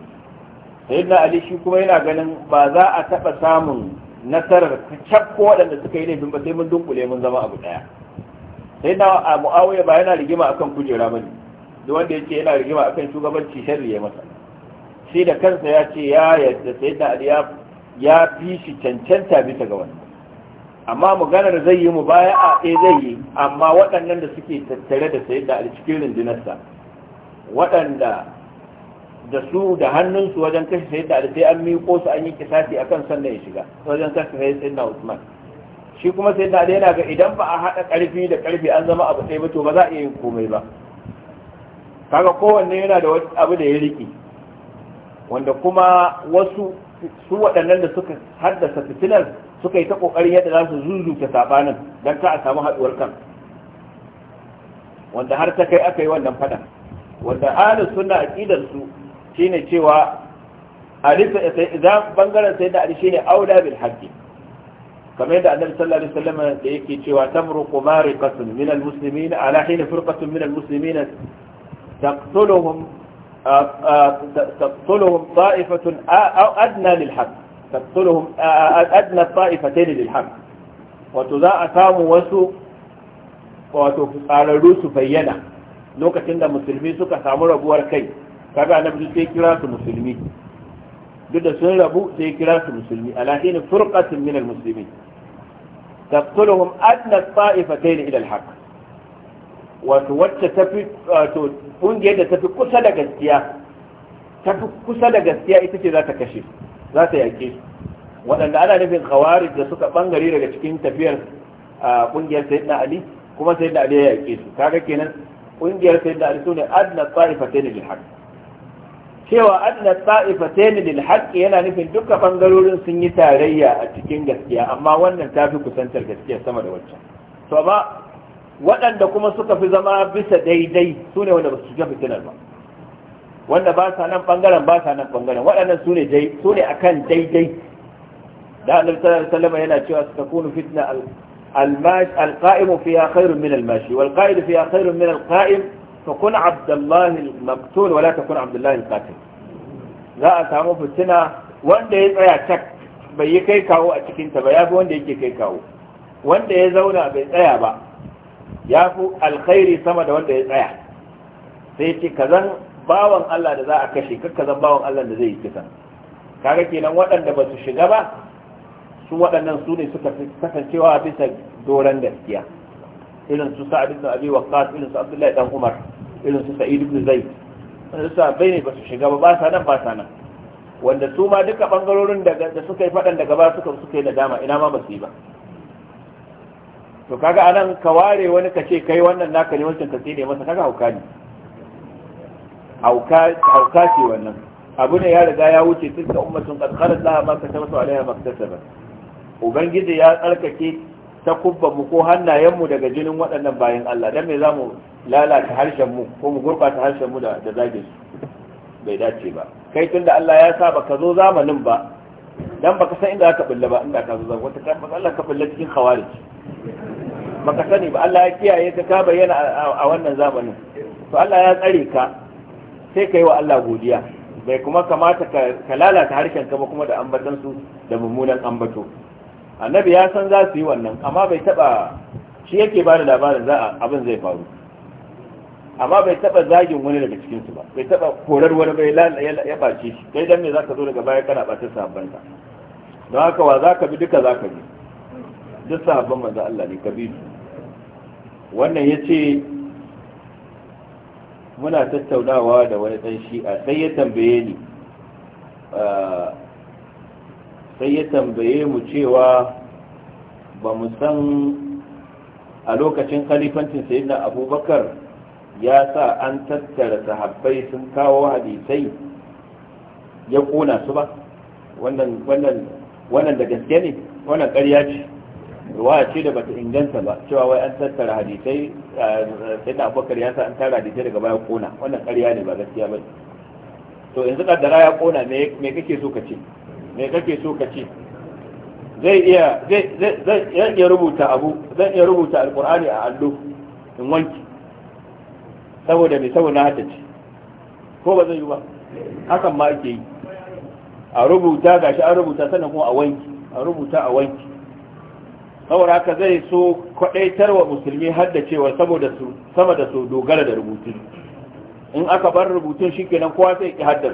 ne na Ali shi kuma yana ganin ba za a taɓa samun nasarar cakko waɗanda suka yi laifin ba sai mun dunkule mun zama abu daya a Muawiya ba yana rigima akan kujera bane duk wanda yake yana rigima akan shugabanci sharri masa Sai da kansa ya ce ya yadda sayyidina Ali ya ya fi shi cancanta bisa ga wannan amma maganar zai yi mu baya a ɗaya eh, zai yi amma waɗannan da suke tattare da sai da cikin rundunarsa waɗanda da su da hannunsu wajen kashe sai da sai an miƙo su an yi kisasi a kan sannan ya shiga wajen kashe sai da usman shi kuma sai da yana ga idan ba a haɗa ƙarfi da ƙarfi an zama abu ɗaya ba to ba za a iya yin komai ba kaga kowanne yana da abu da ya riƙe wanda kuma wasu su waɗannan da suka haddasa fitinar suka yi ta kokarin yadda za su zuzuta sabanin don ta a samu haɗuwar kan wanda har ta kai aka yi wannan fadan wanda suna a aqidar su shine cewa alif idan bangaren sai da shine aula bil haqqi kamar yadda annabi sallallahu alaihi wasallam da yake cewa tamruqu mariqatun min al muslimin ala hin firqatun min al muslimin taqtuluhum taqtuluhum ta'ifatun adna lil haqq taqtuluhum adna ta'ifatayn lil haqq wato za a samu wasu wato tsararru su bayyana lokacin da musulmi suka samu rabuwar kai kaga annabi sai kira su musulmi duk da sun rabu sai kira su musulmi ala hin furqatin min almuslimin taqtuluhum adna ta'ifatayn ila alhaqq wato wacce tafi wato kungiyar da fi kusa da gaskiya tafi kusa da gaskiya ita ce za ta kashe su za ta yake su waɗanda ana nufin khawarij da suka ɓangare daga cikin tafiyar kungiyar na ali kuma na ali ya yake su kaga kenan kungiyar na ali sune adna ta'ifatain lil haqq cewa adna ta'ifatain lil haqq yana nufin duka bangarorin sun yi tarayya a cikin gaskiya amma wannan tafi kusantar gaskiya sama da wancan to amma waɗanda kuma suka fi zama bisa daidai sune wanda ba su ga fitinar ba wanda ba sa nan bangaren ba sa nan bangaren waɗannan su ne dai su ne akan daidai da annabi sallallahu yana cewa su takunu fitna al qaimu الماش القائم فيها خير من الماشي والقائد فيها خير من القائم فكن عبد الله المقتول ولا تكن عبد الله القاتل za a samu fitina wanda ya tsaya cak bai yi kai kawo a cikinta ba ya fi wanda yake kai kawo wanda ya zauna bai tsaya ba ya fi alkhairi sama da wanda ya tsaya sai ce ka zan bawan Allah da za a kashe kakka zan bawan Allah da zai yi kisa kaga kenan waɗanda ba su shiga ba su waɗannan su ne suka kasancewa bisa doron gaskiya irin su sa'ad ibn abi waqqas irin su abdullahi dan umar irin su sa'id ibn zaid wanda su bai ne ba su shiga ba ba sa nan ba sa nan wanda su ma duka bangarorin da suka yi faɗan daga ba suka suka yi nadama ina ma ba su yi ba to kaga anan ka ware wani ka ce kai wannan naka ne wancan ka tsine masa kaga hauka ne hauka ce wannan abu ne ya riga ya wuce da ummatun qad khalat laha ma kasabat wa alaiha ba ubangiji ya tsarkake ta kubba mu ko hannayen mu daga jinin waɗannan bayan Allah dan me za mu lalata harshen mu ko mu gurbata harshen mu da da zage su bai dace ba kai tun da Allah ya sa ka zo zamanin ba dan baka san inda ka bulla ba inda ka zo zamanin wata kan Allah ka bulla cikin khawarij baka sani ba Allah ya kiyaye ka ka bayyana a wannan zamanin to Allah ya tsare ka sai ka yi wa Allah godiya bai kuma kamata ka lalata harshen ka ba kuma da ambatan su da mummunan ambato annabi ya san za su yi wannan amma bai taba shi yake ba da labarin za abin zai faru amma bai taba zagin wani daga cikin su ba bai taba korar wani bai ya bace shi kai dan me zaka zo daga baya kana bata sabban ka don haka wa zaka bi duka zaka bi duk sabban manzo Allah ne ka bi wannan yace muna tattaunawa da wani ɗan shi'a sai ya tambaye ni sai ya tambaye mu cewa ba mu san a lokacin khalifancin sayyidina abubakar ya sa an tattara sahabbai sun kawo hadisai ya kona su ba wannan da gaske ne wannan ƙarya ce ruwaya ce da bata inganta ba cewa wai an tattara hadisai sai da abubakar ya sa an tara hadisai daga baya kona wannan ƙarya ne ba gaskiya ba to yanzu kaddara ya kona me kake so ka ce me kake so ka ce zai iya zai zai iya rubuta abu zai iya rubuta alqur'ani a allo in wanki saboda me saboda hata ce ko ba zai yi ba hakan ma yake yi a rubuta gashi an rubuta sannan kuma a wanki a rubuta a wanki saboda haka zai so kwadaitar wa musulmi har da cewa saboda su sama da su dogara da rubutun in aka bar rubutun shi kenan kowa sai ki haddar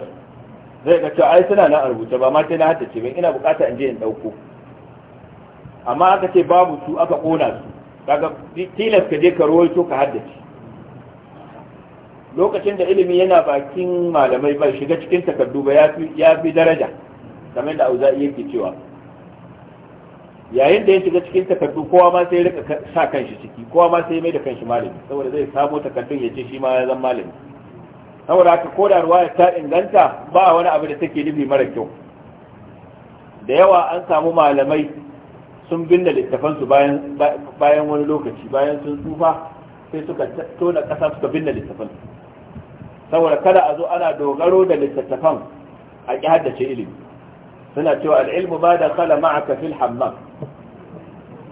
zai ga cewa ai suna nan rubuta ba ma sai na haddace ba ina bukata in je in dauko amma aka ce babu su aka kona su kaga tilas ka je ka rawaito ka haddace lokacin da ilimi yana bakin malamai ba shiga cikin takardu ba ya fi daraja kamar da auza yake cewa yayin da ya shiga cikin takardu kowa ma sai rika sa kanshi ciki kowa ma sai mai da kanshi malami saboda zai samo takardun ya ce shi ma ya zama malami saboda haka ko da ruwaya ta inganta ba wani abu da take nufi mara kyau da yawa an samu malamai sun binne su bayan bayan wani lokaci bayan sun tsufa sai suka tona kasa suka binne littafan saboda kada a zo ana dogaro da littattafan a ƙi haddace ilimi suna cewa al'ilmu ba da kala ma'aka fil hammam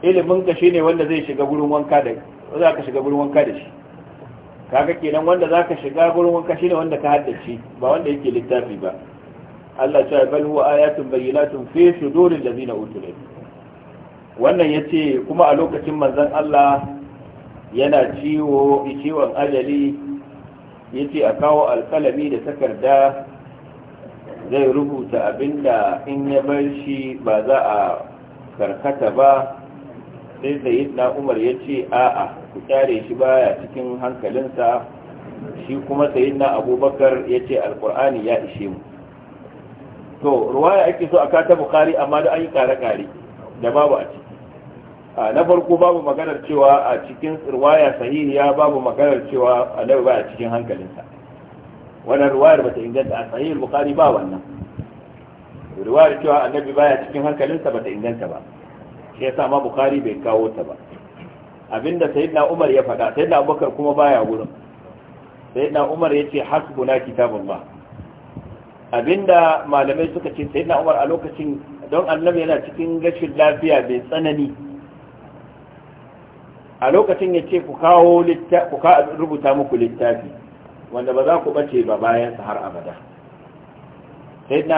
ilimin ka ne wanda zai shiga gurin wanka da za ka shiga gurin wanka da shi kaga kenan wanda za ka shiga gurin wanka shi ne wanda ka haddace ba wanda yake littafi ba Allah ta bal huwa ayatun bayyinatun fi suduril ladina utul ilm wannan yace kuma a lokacin manzon Allah yana ciwo ciwon ajali yace a kawo alƙalami da takarda zai rubuta abinda in ya bar shi ba za a karkata ba sai zai na umar ya ce a'a ku kyare shi baya cikin hankalinsa shi kuma sai na abubakar ya ce alkur'ani ya ishe mu to ruwaya ake so a kata bukari amma da an yi kare-kare da babu a ciki na farko babu maganar cewa a cikin ruwaya sahihiya babu maganar cewa a cikin hankalinsa wannan ruwayar bata inganta a sahihul bukhari ba wannan ruwayar cewa annabi baya cikin hankalinsa bata inganta ba shi yasa ma bukhari bai kawo ta ba abinda sayyidina umar ya faɗa sayyidina abubakar kuma baya gurin sayyidina umar yace hasbuna kitabullah abinda malamai suka ce sayyidina umar a lokacin don annabi yana cikin gashin lafiya bai tsanani a lokacin ya ce ku kawo rubuta muku littafi wanda ba za ku bace ba bayansa har abada sai na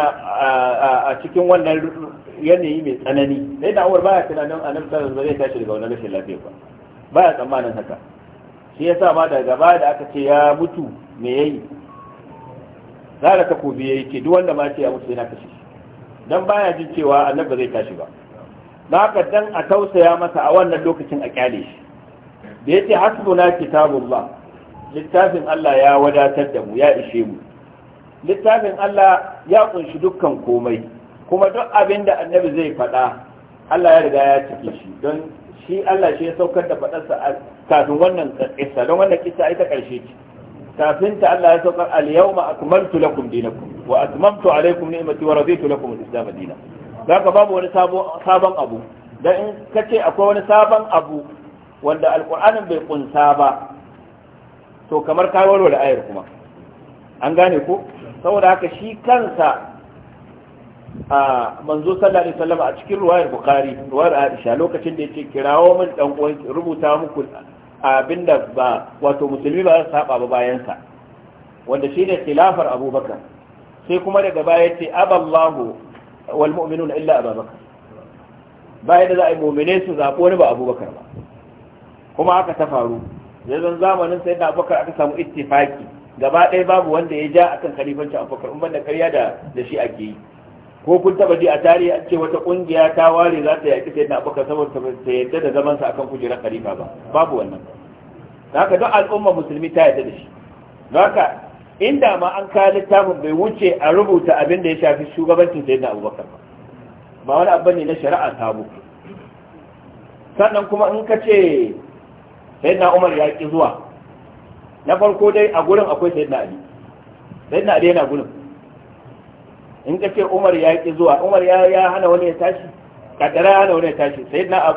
a cikin wannan yanayi mai tsanani sai na awar baya tunanin annabi sallallahu alaihi wasallam zai tashi daga wannan rashin lafiya ba baya tsammanin haka shi yasa ma daga gaba da aka ce ya mutu me yayi zara takobi yayi ce duk wanda ma ce ya mutu sai na kashe dan baya jin cewa annabi ba zai tashi ba na ka dan a tausaya masa a wannan lokacin a kyale shi da yace hasbuna kitabullah littafin Allah ya wadatar da mu ya ishe mu littafin Allah ya kunshi dukkan komai kuma duk abin da annabi zai faɗa Allah ya riga ya cike shi don shi Allah shi ya saukar da faɗarsa kafin wannan kissa don wannan kissa ita ƙarshe ce kafin ta Allah ya saukar al-yawma akmaltu lakum dinakum wa atmamtu alaykum ni'mati wa raditu lakum al-islam dinan zaka babu wani sabon abu dan in kace akwai wani sabon abu wanda alqur'anin bai kunsa ba to kamar ka da ayar kuma an gane ko saboda haka shi kansa a manzo sallallahu alaihi wasallam a cikin ruwayar bukhari ruwayar aisha lokacin da yake kirawo min dan uwan rubuta muku abinda ba wato musulmi ba zai saba ba bayan sa wanda shine khilafar abubakar sai kuma daga baya ce aballahu wal mu'minuna illa abubakar bayan da za a yi mu'mine su zabo wani ba abubakar ba kuma haka ta faru ya zan zamanin sai da abokar aka samu ittifaki gaba ɗaya babu wanda ya ja a kan kalifancin abokar umar da da da shi ake yi ko kun taba ji a tarihi an ce wata ƙungiya ta ware za ta yaƙi sai da abokar saboda ta yadda da zaman sa akan kujerar kalifa ba babu wannan haka duk al'umma musulmi ta yadda da shi haka inda ma an kawo littafin bai wuce a rubuta abin da ya shafi shugabancin sai da abubakar ba ba wani abu ne na shari'a sabo sannan kuma in ka ce sayyidina umar ya ki zuwa na farko dai a gurin akwai sayyidina ali sayyidina ali yana gurin in ka ce umar ya ki zuwa umar ya ya hana wani ya tashi kadara ya hana wani ya tashi sayyidina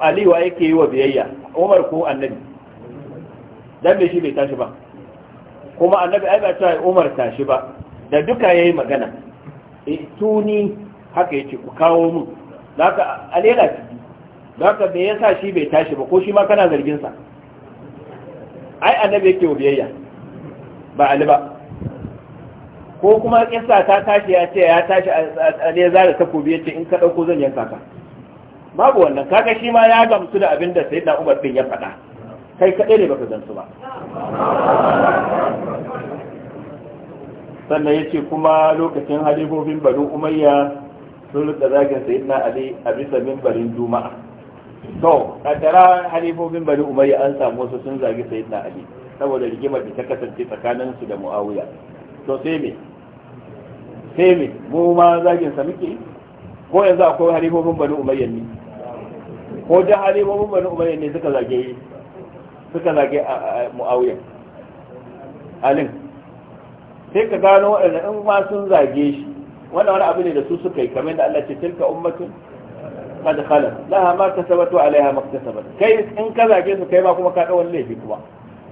ali wa yake yi wa biyayya umar ko annabi dan me shi bai tashi ba kuma annabi ai ba sai umar tashi ba da duka yayi magana eh, tuni haka yace ku kawo mu zaka alera don ka me yasa shi bai tashi ba ko shi ma kana zargin sa ai annabi yake biyayya ba ali ba ko kuma kissa ta tashi ya ce ya tashi a ne da takobi biyar ce in ka dauko zan yanka ka babu wannan kaga shi ma ya gamsu da abin da da Umar bin ya faɗa kai kaɗai ne baka gansu ba sannan ya ce kuma lokacin halifofin banu umayya sun rika zagin sayidina ali a bisa mimbarin juma'a to kaddara halifofin bani umari an samu wasu sun zagi sayyidina ali saboda rigimar da ta kasance tsakanin su da muawiya to sai me sai me mu ma zagin sa muke ko yanzu akwai halifofin bani umari ne ko da halifofin bani umari ne suka zage suka zage muawiya alin sai ka gano waɗanda in ma sun zage shi wannan wani abu ne da su suka yi kamar da Allah ce tilka ummatun qad khalat laha ma kasabat wa alaiha ma kasabat kai in ka zage su kai ba kuma ka dawo laifi kuma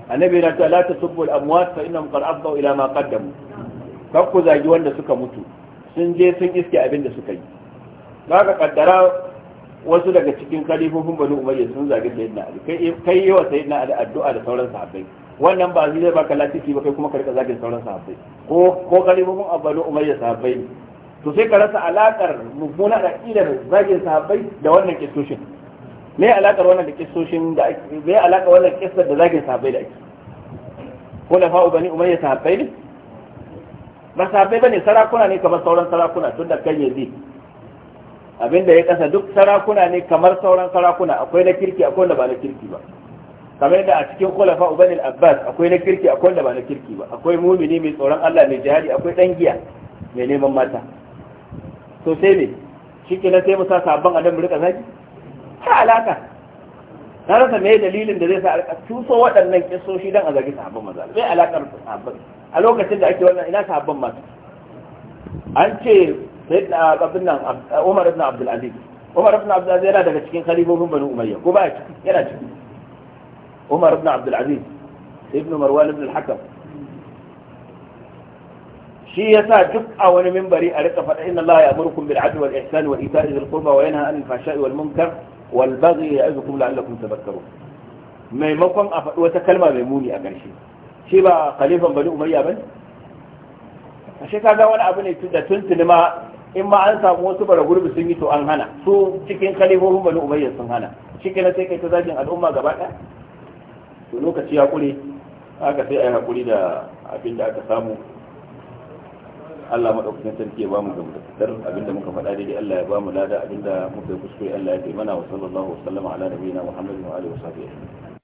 annabi na cewa la tasubbu al amwat fa innahum qad afdaw ila ma qaddamu ku zagi wanda suka mutu sun je sun iske abin da suka yi za ka kaddara wasu daga cikin kalifofin bani umayya sun zagi sayyidina ali kai sayyidina ali addu'a da sauran sahabbai wannan ba zai baka latiki ba kai kuma ka rika zagin sauran sahabbai ko ko kalifofin umayya sahabbai to sai ka rasa alakar mummuna da kidar zagin sahabbai da wannan kistoshin me alakar wannan da kistoshin da ake me alakar wannan kistar da zagin sahabbai da ake fa ubani umayya sahabbai ne ba sahabbai bane sarakuna ne kamar sauran sarakuna tun da kan yazi abinda ya kasa duk sarakuna ne kamar sauran sarakuna akwai na kirki akwai wanda ba na kirki ba kamar da a cikin kulafa ubani al-abbas akwai na kirki akwai da ba na kirki ba akwai mumini mai tsoron Allah mai jihadi akwai dan giya mai neman mata to sai ne shi kina sai mu sa sabon a mu rika zaki ta alaka na rasa me dalilin da zai sa alaka tuso waɗannan kisoshi dan a zagi sabon maza me alakar sabon a lokacin da ake wannan ina sabon masu an ce sai da abin nan Umar ibn Abdul Aziz Umar ibn Abdul Aziz yana daga cikin khalifofin Bani Umayya ko ba yana ciki Umar ibn Abdul Aziz ibn Marwan ibn al-Hakam shi yasa duk a wani mimbari a rika faɗa inna Allah ya'murukum bil 'adli wal ihsani wa ita'i dhil qurba wa yanha 'anil fahsha'i wal munkar wal baghi ya'idhukum la'allakum tadhakkarun maimakon a faɗi wata kalma mai muni a ƙarshe shi ba khalifan bani umayya bane ashe kaga wani abu ne da tuntuni ma in ma an samu wasu bara gurbi sun yi to an hana su cikin kalifofin bani umayya sun hana shi kenan sai kai ta zagin al'umma gaba ɗaya to lokaci ya kure aka sai a yi hakuri da abin da aka samu Allah maɗaukacin sarki ya bamu abin abinda muka faɗa daidai Allah ya mu lada abinda muka yi kuskure Allah ya kai mana wa sallallahu wa sallama ala nabiyina Muhammadin wa alihi wa sahbihi